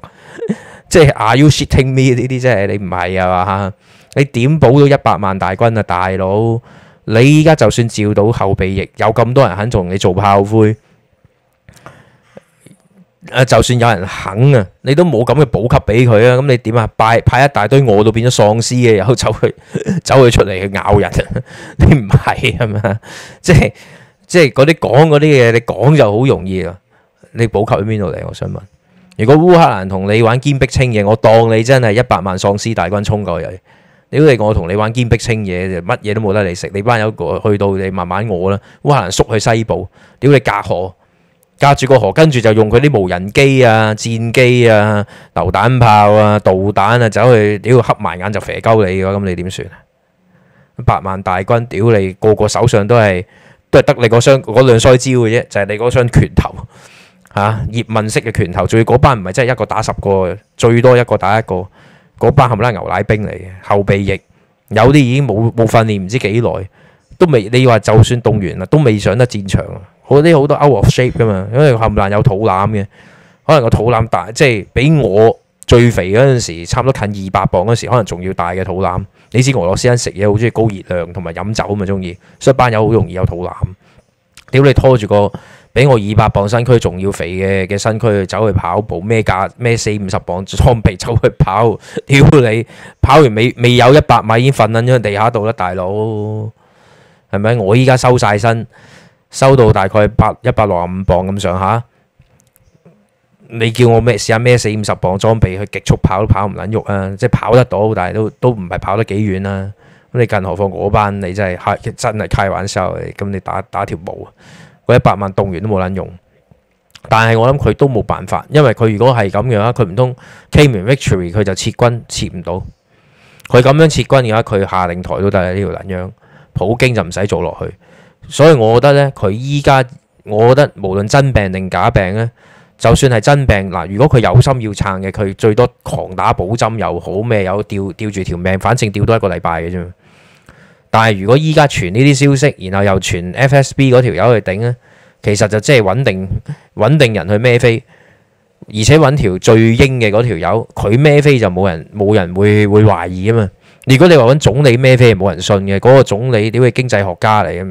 即係啊，are you shooting me，呢啲真係你唔係啊嘛？你點補到一百萬大軍啊，大佬？你依家就算召到後備役，有咁多人肯同你做炮灰，誒，就算有人肯啊，你都冇咁嘅補給俾佢啊？咁你點啊？敗派一大堆餓到變咗喪屍嘅，又走去走去出嚟去咬人，你唔係係嘛？即係即係嗰啲講嗰啲嘢，你講就好容易啊！你補給喺邊度嚟？我想問。如果烏克蘭同你玩堅壁清野，我當你真係一百萬喪屍大軍衝過去，屌你！我同你玩堅壁清野就乜嘢都冇得你食，你班友去到你慢慢餓啦。烏克蘭縮去西部，屌你隔河隔住個河，跟住就用佢啲無人機啊、戰機啊、榴彈炮啊、導彈啊走去，屌黑埋眼就射鳩你嘅話，咁你點算啊？百萬大軍，屌你個個手上都係都係得你嗰雙嗰兩梳蕉嘅啫，就係你嗰雙拳頭。嚇、啊！葉問式嘅拳頭，最嗰班唔係真係一個打十個，最多一個打一個。嗰班冚唪唥牛奶兵嚟嘅？後備役有啲已經冇冇訓練，唔知幾耐都未。你話就算動員啦，都未上得戰場。嗰啲好多 out of shape 噶嘛，因為冚唪唥有肚腩嘅，可能個肚腩大，即係比我最肥嗰陣時，差唔多近二百磅嗰陣時，可能仲要大嘅肚腩。你知俄羅斯人食嘢好中意高熱量，同埋飲酒咁嘛，中意，所以班友好容易有肚腩。屌你，你拖住個～俾我二百磅身軀，仲要肥嘅嘅身軀，走去跑步咩架咩四五十磅裝備走去跑，屌你！跑完未未有一百米，已經瞓喺咗地下度啦，大佬係咪？我依家收晒身，收到大概百一百六十五磅咁上下。你叫我咩試下咩四五十磅裝備去極速跑，跑都跑唔撚喐啊！即係跑得到，但係都都唔係跑得幾遠啊。咁你更何況我班你真係真係開玩笑，咁你打打條毛啊！一百萬動員都冇撚用，但係我諗佢都冇辦法，因為佢如果係咁樣啊，佢唔通 claim victory，佢就撤軍撤唔到。佢咁樣撤軍嘅話，佢下令台都得呢條撚樣。普京就唔使做落去，所以我覺得呢，佢依家，我覺得無論真病定假病呢，就算係真病嗱，如果佢有心要撐嘅，佢最多狂打保針又好咩，有吊吊住條命，反正吊多一個禮拜嘅啫。但係如果依家傳呢啲消息，然後又傳 FSB 嗰條友去頂咧，其實就即係揾定揾定人去孭飛，而且揾條最英嘅嗰條友，佢孭飛就冇人冇人會會懷疑啊嘛！如果你話揾總理孭飛，冇人信嘅，嗰、嗰個總理你會經濟學家嚟嘅，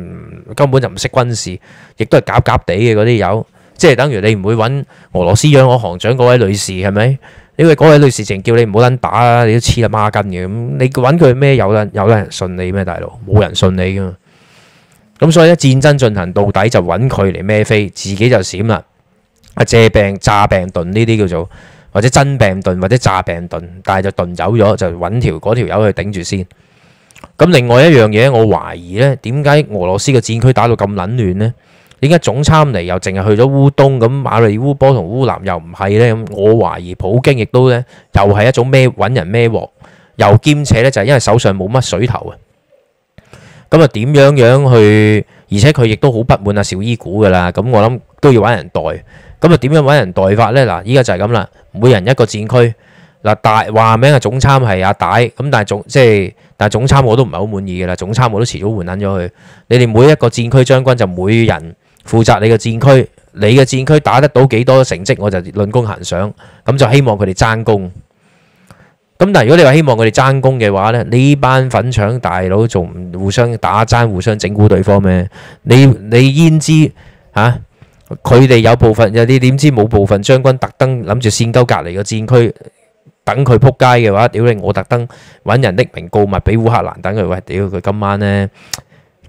根本就唔識軍事，亦都係夾夾地嘅嗰啲友，即係等於你唔會揾俄羅斯央行行長嗰位女士係咪？因為嗰一類事情叫你唔好撚打啦，你都黐啦孖筋嘅。咁你揾佢咩有撚有撚人信你咩？大佬冇人信你噶。咁所以咧，戰爭進行到底就揾佢嚟孭飛，自己就閃啦。借病炸病盾呢啲叫做，或者真病盾，或者炸病盾，但係就遁走咗，就揾條嗰條友去頂住先。咁另外一樣嘢，我懷疑呢，點解俄羅斯嘅戰區打到咁混亂呢？點解總參嚟又淨係去咗烏東咁馬里烏波同烏南又唔係咧？咁我懷疑普京亦都咧，又係一種咩揾人孭鑊，又兼且咧就係因為手上冇乜水頭啊。咁啊點樣樣去？而且佢亦都好不滿啊，紹伊古噶啦。咁我諗都要揾人代。咁啊點樣揾人代法咧？嗱，依家就係咁啦，每人一個戰區。嗱，大話名啊，總參係阿大。咁但係總即係但係總參我都唔係好滿意噶啦，總參我都遲早換撚咗佢。你哋每一個戰區將軍就每人。負責你嘅戰區，你嘅戰區打得到幾多成績，我就論功行賞。咁就希望佢哋爭功。咁但係如果你話希望佢哋爭功嘅話咧，呢班粉腸大佬仲唔互相打爭、互相整蠱對方咩？你你焉知吓？佢哋有部分有啲點知冇部分將軍特登諗住線溝隔籬嘅戰區等佢撲街嘅話，屌你！我特登揾人匿名告密俾烏克蘭，等佢喂屌佢今晚咧。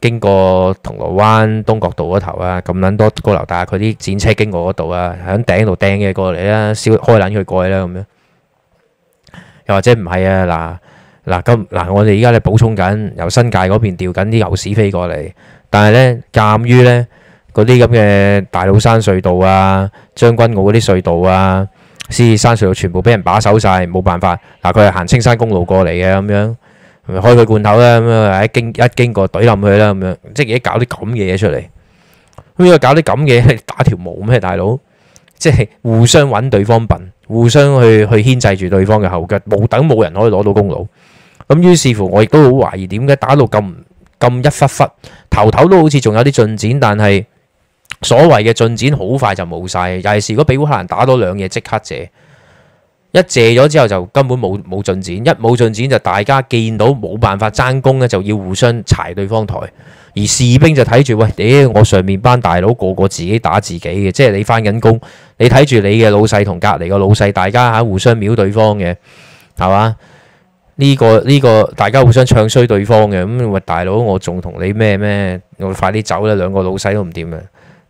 經過銅鑼灣東角道嗰頭啊，咁撚多高樓大廈，佢啲戰車經過嗰度啊，喺頂度掟嘢過嚟啦，燒開撚佢過啦咁樣，又或者唔係啊嗱嗱今嗱我哋而家咧補充緊，由新界嗰邊調緊啲牛屎飛過嚟，但係咧鑑於咧嗰啲咁嘅大老山隧道啊、將軍澳嗰啲隧道啊、獅子山隧道全部俾人把守曬，冇辦法嗱，佢係行青山公路過嚟嘅咁樣。開佢罐頭啦，咁樣一經一經過懟冧佢啦，咁樣即係而家搞啲咁嘅嘢出嚟，咁如果搞啲咁嘅嘢，打條毛咩大佬？即係互相搵對方笨，互相去去牽制住對方嘅後腳，無等冇人可以攞到功勞。咁於是乎，我亦都好懷疑點解打到咁咁一忽忽，頭頭都好似仲有啲進展，但係所謂嘅進展好快就冇曬。尤其是如果俾烏克蘭打多兩嘢，即刻謝。一借咗之後就根本冇冇進展，一冇進展就大家見到冇辦法爭功，呢就要互相柴對方台，而士兵就睇住喂，屌我上面班大佬個個自己打自己嘅，即係你返緊工，你睇住你嘅老細同隔離個老細，大家嚇互相瞄對方嘅，係嘛？呢個呢個大家互相唱衰對方嘅，咁喂，大佬，我仲同你咩咩？我快啲走啦。兩個老細都唔掂啊！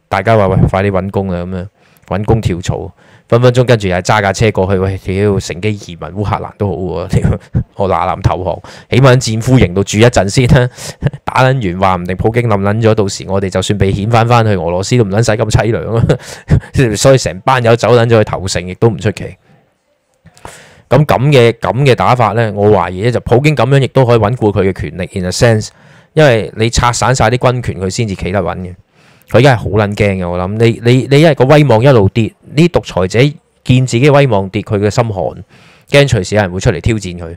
大家話喂，快啲揾工啊咁樣，揾工跳槽。分分鐘跟住又揸架車過去喂，屌！乘機移民烏克蘭都好喎、啊， 我嗱臨投降？起碼喺戰俘營度住一陣先啦、啊。打撚完話唔定，普京冧撚咗，到時我哋就算被遣返翻去俄羅斯都唔撚使咁淒涼啊。 所以成班友走撚咗去投誠，亦都唔出奇。咁咁嘅咁嘅打法呢，我懷疑呢，就普京咁樣亦都可以穩固佢嘅權力。In a sense，因為你拆散晒啲軍權，佢先至企得穩嘅。佢而家係好撚驚嘅。我諗你你你，一係個威望一路跌。呢獨裁者見自己威望跌，佢嘅心寒，驚隨時有人會出嚟挑戰佢。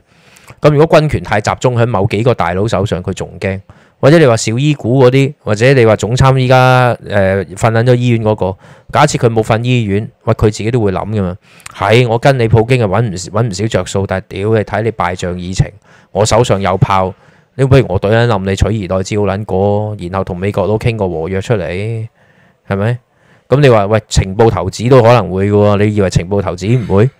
咁如果軍權太集中喺某幾個大佬手上，佢仲驚。或者你話紹伊古嗰啲，或者你話總參依家誒瞓撚咗醫院嗰個，假設佢冇瞓醫院，或佢自己都會諗㗎嘛。係，我跟你普京係揾唔揾唔少着數，但係屌你睇你敗仗已呈，我手上有炮，你不如我懟撚冧你取而代之好撚過，然後同美國都傾個和約出嚟，係咪？咁你話喂，情報頭子都可能會噶，你以為情報頭子唔會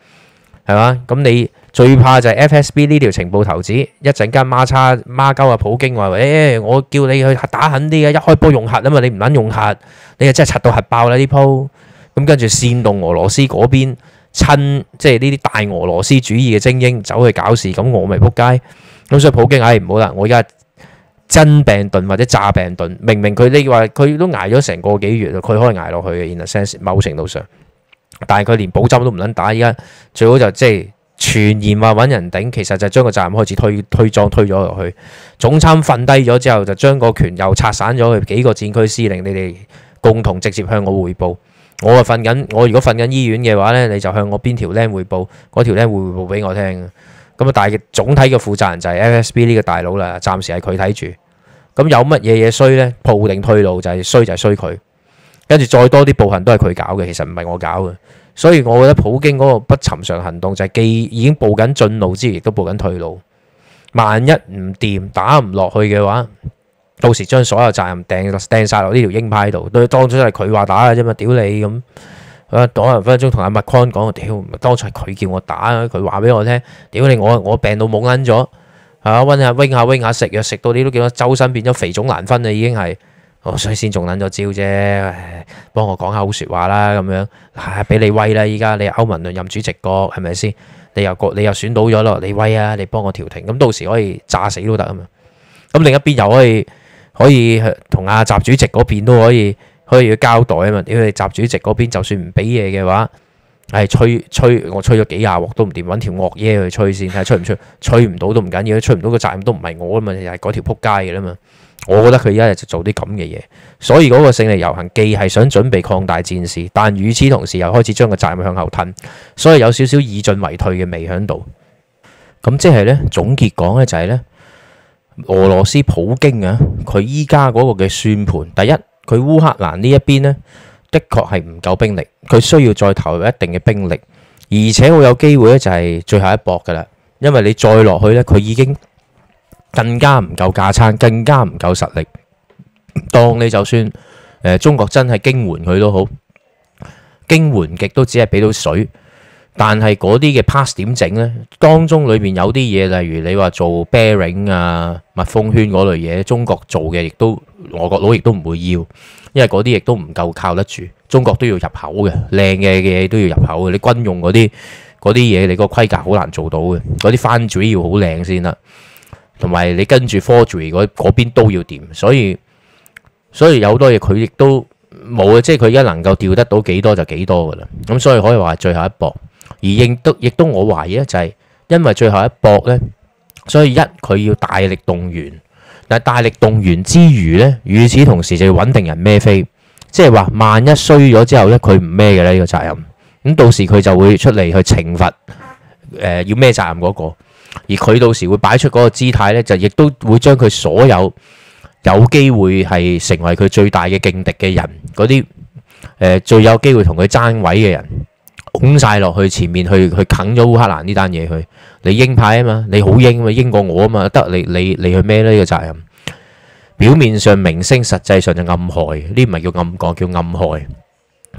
係嘛？咁你最怕就係 FSB 呢條情報頭子一陣間孖叉孖鳩啊！普京話喂、欸，我叫你去打狠啲呀，一開波用核啊嘛，你唔捻用核，你啊真係柒到核爆啦呢鋪。咁跟住煽動俄羅斯嗰邊親，即係呢啲大俄羅斯主義嘅精英走去搞事，咁我咪撲街。咁所以普京，哎唔好啦，我而家。真病盾或者炸病盾，明明佢你話佢都挨咗成個幾月啦，佢可以挨落去嘅，然後 sense 某程度上，但係佢連補針都唔撚打，依家最好就即係傳言話揾人頂，其實就將個責任開始推推撞推咗落去。總參瞓低咗之後，就將個權又拆散咗去幾個戰區司令，你哋共同直接向我彙報。我啊瞓緊，我如果瞓緊醫院嘅話呢，你就向我邊條靚彙報，嗰條靚彙報俾我聽。咁啊！但係總體嘅負責人就係 FSB 呢個大佬啦，暫時係佢睇住。咁有乜嘢嘢衰呢？鋪定退路就係衰就係衰佢。跟住再多啲步行都係佢搞嘅，其實唔係我搞嘅。所以我覺得普京嗰個不尋常行動就係既已經鋪緊進路之餘，亦都鋪緊退路。萬一唔掂打唔落去嘅話，到時將所有責任掟掟晒落呢條鷹派度，對當初係佢話打嘅啫嘛，屌你咁。我講十分鐘同阿麥康講，我屌，當初佢叫我打，佢話俾我聽，屌你我，我我病到冇撚咗，吓、啊、温下温下温下食藥食到你都見到周身變咗肥腫難分啊，已經係，哦、我所以先仲諗咗招啫，幫我講下好說話啦，咁樣係俾、啊、你威啦，依家你歐盟輪任主席個係咪先？你又個你又選到咗咯，你威啊，你幫我調停，咁到時可以炸死都得啊嘛，咁另一邊又可以可以同阿習主席嗰邊都可以。可以去交代啊嘛。因為，習主席嗰邊就算唔俾嘢嘅話，係吹吹我吹咗幾廿鑊都唔掂，揾條惡嘢去吹先睇下吹唔吹，吹唔到都唔緊要，吹唔到個責任都唔係我啊嘛，又係嗰條撲街嘅啦嘛。我覺得佢一日就做啲咁嘅嘢，所以嗰個勝利遊行既係想準備擴大戰事，但與此同時又開始將個責任向後吞，所以有少少以進為退嘅味喺度。咁即係呢，總結講呢就係呢，俄羅斯普京啊，佢依家嗰個嘅算盤第一。佢烏克蘭呢一邊呢，的確係唔夠兵力，佢需要再投入一定嘅兵力，而且會有機會咧就係最後一搏㗎喇，因為你再落去咧，佢已經更加唔夠架撐，更加唔夠實力。當你就算誒中國真係驚援佢都好，驚援極都只係俾到水。但係嗰啲嘅 pass 點整呢？當中裏面有啲嘢，例如你話做 bearing 啊、密封圈嗰類嘢，中國做嘅亦都俄國佬亦都唔會要，因為嗰啲亦都唔夠靠得住。中國都要入口嘅靚嘅嘢都要入口嘅。你軍用嗰啲嗰啲嘢，你個規格好難做到嘅。嗰啲番嘴要好靚先啦，同埋你跟住 Forty 嗰嗰邊都要掂，所以所以有好多嘢佢亦都冇嘅，即係佢而家能夠調得到幾多就幾多㗎啦。咁所以可以話最後一搏。而亦都亦都，亦都我懷疑咧，就係因為最後一搏咧，所以一佢要大力動員，但係大力動員之餘咧，與此同時就要穩定人孭飛，即係話萬一衰咗之後咧，佢唔孭嘅咧呢個責任，咁到時佢就會出嚟去懲罰誒、呃，要孭責任嗰、那個，而佢到時會擺出嗰個姿態咧，就亦都會將佢所有有機會係成為佢最大嘅勁敵嘅人嗰啲誒，最有機會同佢爭位嘅人。拱晒落去前面去去啃咗烏克蘭呢單嘢去，你鷹派啊嘛，你好鷹啊，鷹過我啊嘛，得你你你去孭呢個責任表面上明星，實際上就暗害呢，唔係叫暗角，叫暗害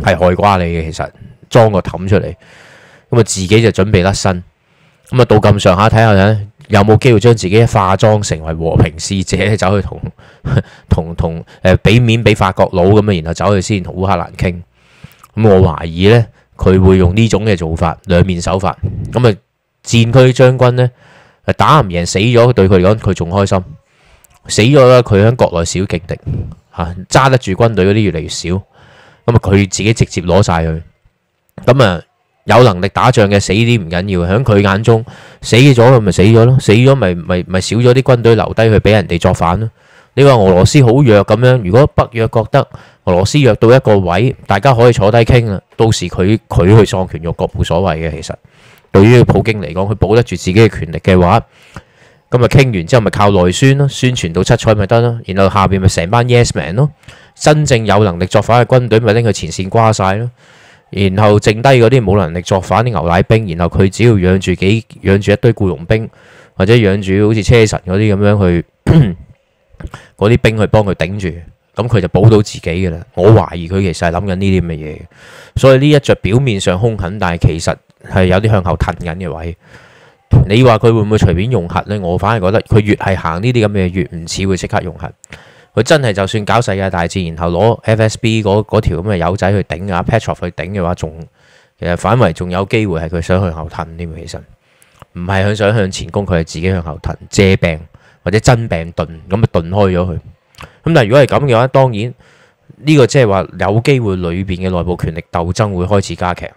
係害瓜你嘅。其實裝個氹出嚟咁啊，自己就準備甩身咁啊。到咁上下睇下咧，有冇機會將自己化妝成為和平使者，走去同同同誒俾面俾法國佬咁啊，然後走去先同烏克蘭傾咁。我懷疑咧。佢會用呢種嘅做法，兩面手法。咁啊，戰區將軍呢，打唔贏死咗，對佢嚟講佢仲開心。死咗啦，佢喺國內少勁敵吓，揸、啊、得住軍隊嗰啲越嚟越少。咁啊，佢自己直接攞晒佢。咁啊，有能力打仗嘅死啲唔緊要，喺佢眼中死咗佢咪死咗咯，死咗咪咪咪少咗啲軍隊留低去俾人哋作反咯。你話俄羅斯好弱咁樣，如果北約覺得，俄羅斯約到一個位，大家可以坐低傾啊。到時佢佢去喪權辱國冇所謂嘅，其實對於普京嚟講，佢保得住自己嘅權力嘅話，咁咪傾完之後咪靠內宣咯，宣傳到七彩咪得咯，然後下邊咪成班 yes man 咯，真正有能力作反嘅軍隊咪拎佢前線瓜晒咯，然後剩低嗰啲冇能力作反啲牛奶兵，然後佢只要養住幾養住一堆僱傭兵或者養住好似車臣嗰啲咁樣去嗰啲 兵去幫佢頂住。咁佢就保到自己嘅啦。我懷疑佢其實係諗緊呢啲咁嘅嘢，所以呢一著表面上兇狠，但係其實係有啲向後褪緊嘅位。你話佢會唔會隨便用核呢？我反而覺得佢越係行呢啲咁嘅，越唔似會即刻用核。佢真係就算搞世界大戰，然後攞 FSB 嗰條咁嘅友仔去頂啊，Petrov 去頂嘅話，仲其實反為仲有機會係佢想向後褪添，其實，唔係佢想向前攻，佢係自己向後褪借病或者真病盾咁啊，盾開咗佢。咁但係如果係咁嘅話，當然呢個即係話有機會裏邊嘅內部權力鬥爭會開始加劇。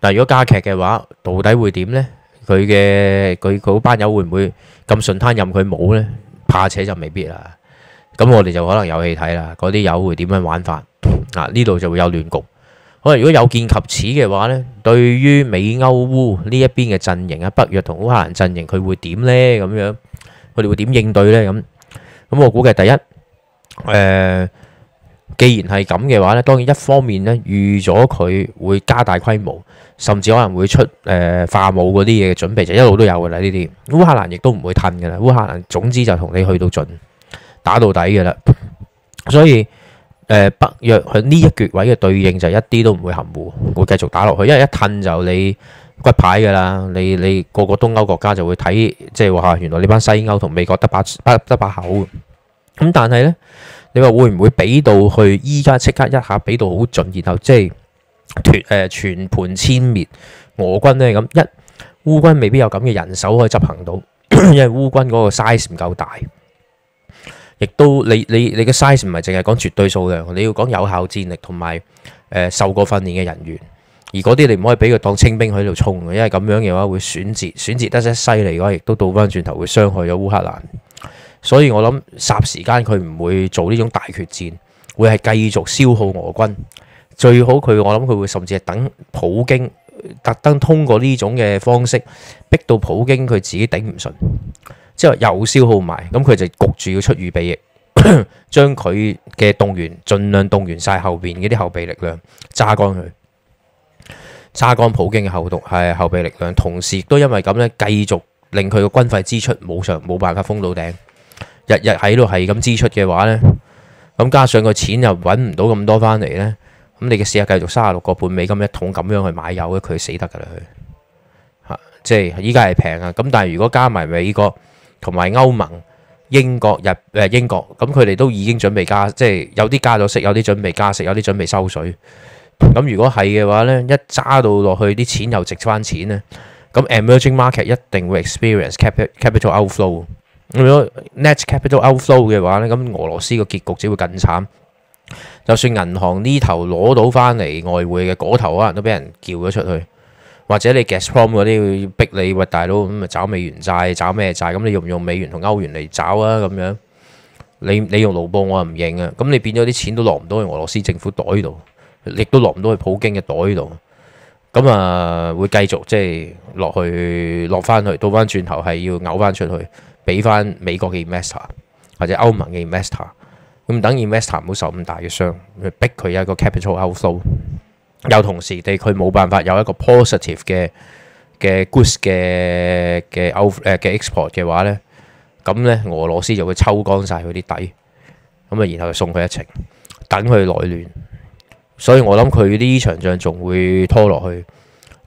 但如果加劇嘅話，到底會點呢？佢嘅佢佢班友會唔會咁順攤任佢冇呢，怕且就未必啦。咁我哋就可能有戲睇啦。嗰啲友會點樣玩法啊？呃、呢度就會有亂局。可能如果有見及此嘅話呢，對於美歐烏呢一邊嘅陣營啊，北約同烏克蘭陣營，佢會點呢？咁樣佢哋會點應對呢？咁？咁我估嘅第一，誒，既然係咁嘅話咧，當然一方面咧預咗佢會加大規模，甚至可能會出誒化武嗰啲嘢嘅準備，就一路都有嘅啦。呢啲烏克蘭亦都唔會褪嘅啦。烏克蘭總之就同你去到盡打到底嘅啦，所以誒北約佢呢一決位嘅對應就一啲都唔會含糊，會繼續打落去，因為一褪就你。骨牌噶啦，你你個個東歐國家就會睇，即係話原來呢班西歐同美國得把得把，把，把口，咁但係呢，你話會唔會俾到去依家即刻一下俾到好盡，然後即係全盤殲滅俄軍呢？咁一烏軍未必有咁嘅人手可以執行到，因為烏軍嗰個 size 唔夠大，亦都你你你個 size 唔係淨係講絕對數量，你要講有效戰力同埋、呃、受過訓練嘅人員。而嗰啲你唔可以俾佢當清兵喺度衝，因為咁樣嘅話會選擇選擇得犀利嘅話，亦都倒翻轉頭會傷害咗烏克蘭。所以我諗霎時間佢唔會做呢種大決戰，會係繼續消耗俄軍最好佢我諗佢會甚至係等普京特登通過呢種嘅方式，逼到普京佢自己頂唔順，之後又消耗埋咁佢就焗住要出預備役，將佢嘅動員盡量動員晒後邊嗰啲後備力量榨乾佢。沙光普京嘅後盾，係後備力量，同時都因為咁咧，繼續令佢個軍費支出冇上冇辦法封到頂，日日喺度係咁支出嘅話咧，咁加上個錢又揾唔到咁多翻嚟咧，咁你嘅試下繼續三十六個半美金一桶咁樣去買油，佢死得噶啦佢嚇，即係依家係平啊！咁但係如果加埋美國同埋歐盟、英國、日誒英國，咁佢哋都已經準備加，即係有啲加咗息，有啲準備加息，有啲準備收水。咁如果係嘅話呢，一揸到落去啲錢又值翻錢呢。咁 emerging market 一定會 experience capital outflow。如果 net capital outflow 嘅話呢，咁俄羅斯個結局只會更慘。就算銀行呢頭攞到翻嚟外匯嘅嗰頭可能都俾人叫咗出去，或者你 Gasprom 嗰啲要逼你喂大佬咁咪找美元債找咩債？咁你用唔用美元同歐元嚟找啊？咁樣你你用盧布我又唔認啊！咁你變咗啲錢都落唔到去俄羅斯政府袋度。亦都落唔到去普京嘅袋度，咁啊，會繼續即係落去落翻去倒翻轉頭，係要嘔翻出去，俾翻美國嘅 investor 或者歐盟嘅 investor。咁等 investor 唔好受咁大嘅傷，逼佢有一個 capital outflow。又同時地，佢冇辦法有一個 positive 嘅嘅 goods 嘅嘅 out 嘅 export 嘅話咧，咁咧俄羅斯就會抽乾晒佢啲底，咁啊，然後送佢一程，等佢內亂。所以我諗佢呢場仗仲會拖落去，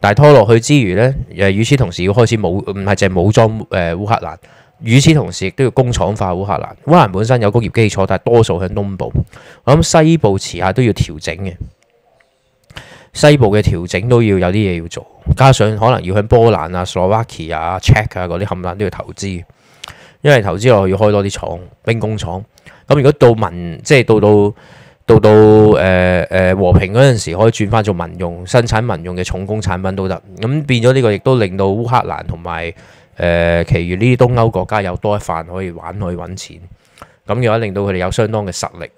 但係拖落去之餘呢，誒，與此同時要開始武唔係淨係武裝誒烏克蘭，與此同時亦都要工廠化烏克蘭。烏克蘭本身有工業基礎，但係多數喺東部。我諗西部遲下都要調整嘅，西部嘅調整都要有啲嘢要做，加上可能要喺波蘭啊、斯洛伐克啊、捷克啊嗰啲冚唪唥都要投資，因為投資落去要開多啲廠、兵工廠。咁如果到民即係到到。到到誒誒和平嗰陣時，可以轉翻做民用生產，民用嘅重工產品都得。咁變咗呢個，亦都令到烏克蘭同埋誒，其餘呢啲東歐國家有多一份可以玩去揾錢。咁樣令到佢哋有相當嘅實力，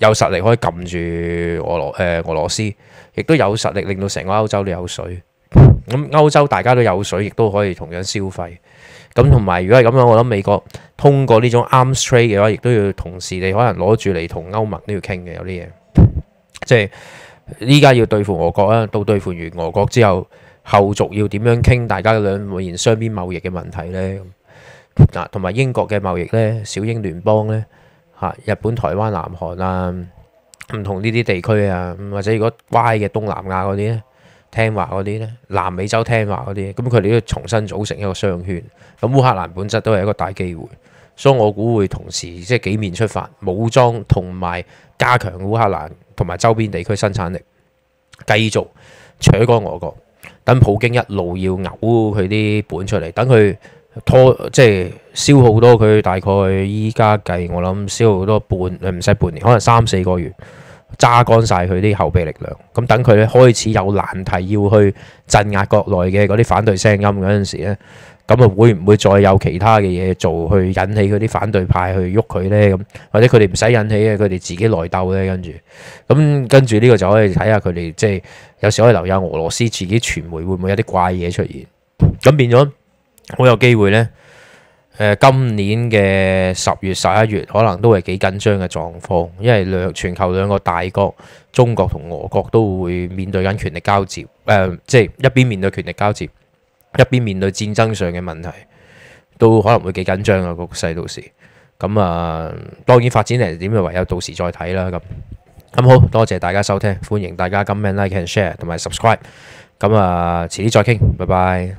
有實力可以撳住俄羅誒、呃、俄羅斯，亦都有實力令到成個歐洲都有水。咁歐洲大家都有水，亦都可以同樣消費。咁同埋，如果係咁樣，我諗美國通過呢種 arms trade 嘅話，亦都要同時你可能攞住嚟同歐盟都要傾嘅，有啲嘢。即係依家要對付俄國啊，到對付完俄國之後，後續要點樣傾大家兩國間雙邊貿易嘅問題呢？嗱，同埋英國嘅貿易呢，小英聯邦呢，嚇日本、台灣、南韓啊，唔同呢啲地區啊，或者如果乖嘅東南亞嗰啲呢。聽話嗰啲呢，南美洲聽話嗰啲，咁佢哋都要重新組成一個商圈。咁烏克蘭本質都係一個大機會，所以我估會同時即係幾面出發，武裝同埋加強烏克蘭同埋周邊地區生產力，繼續搶過俄國。等普京一路要嘔佢啲本出嚟，等佢拖，即係消耗多佢。大概依家計，我諗消耗多半，唔使半年，可能三四個月。揸乾晒佢啲後備力量，咁等佢咧開始有難題要去鎮壓國內嘅嗰啲反對聲音嗰陣時咧，咁啊，會唔會再有其他嘅嘢做去引起嗰啲反對派去喐佢呢？咁或者佢哋唔使引起嘅，佢哋自己內鬥呢。跟住咁跟住呢個就可以睇下佢哋即係有時可以留意下俄羅斯自己傳媒會唔會有啲怪嘢出現，咁變咗好有機會呢。呃、今年嘅十月十一月，月可能都係幾緊張嘅狀況，因為兩全球兩個大國，中國同俄國都會面對緊權力交接，誒、呃、即係一邊面對權力交接，一邊面對戰爭上嘅問題，都可能會幾緊張嘅局勢到時。咁啊、呃，當然發展嚟點，唯有到時再睇啦。咁咁好多謝大家收聽，歡迎大家今晚 like and share 同埋 subscribe。咁啊、呃，遲啲再傾，拜拜。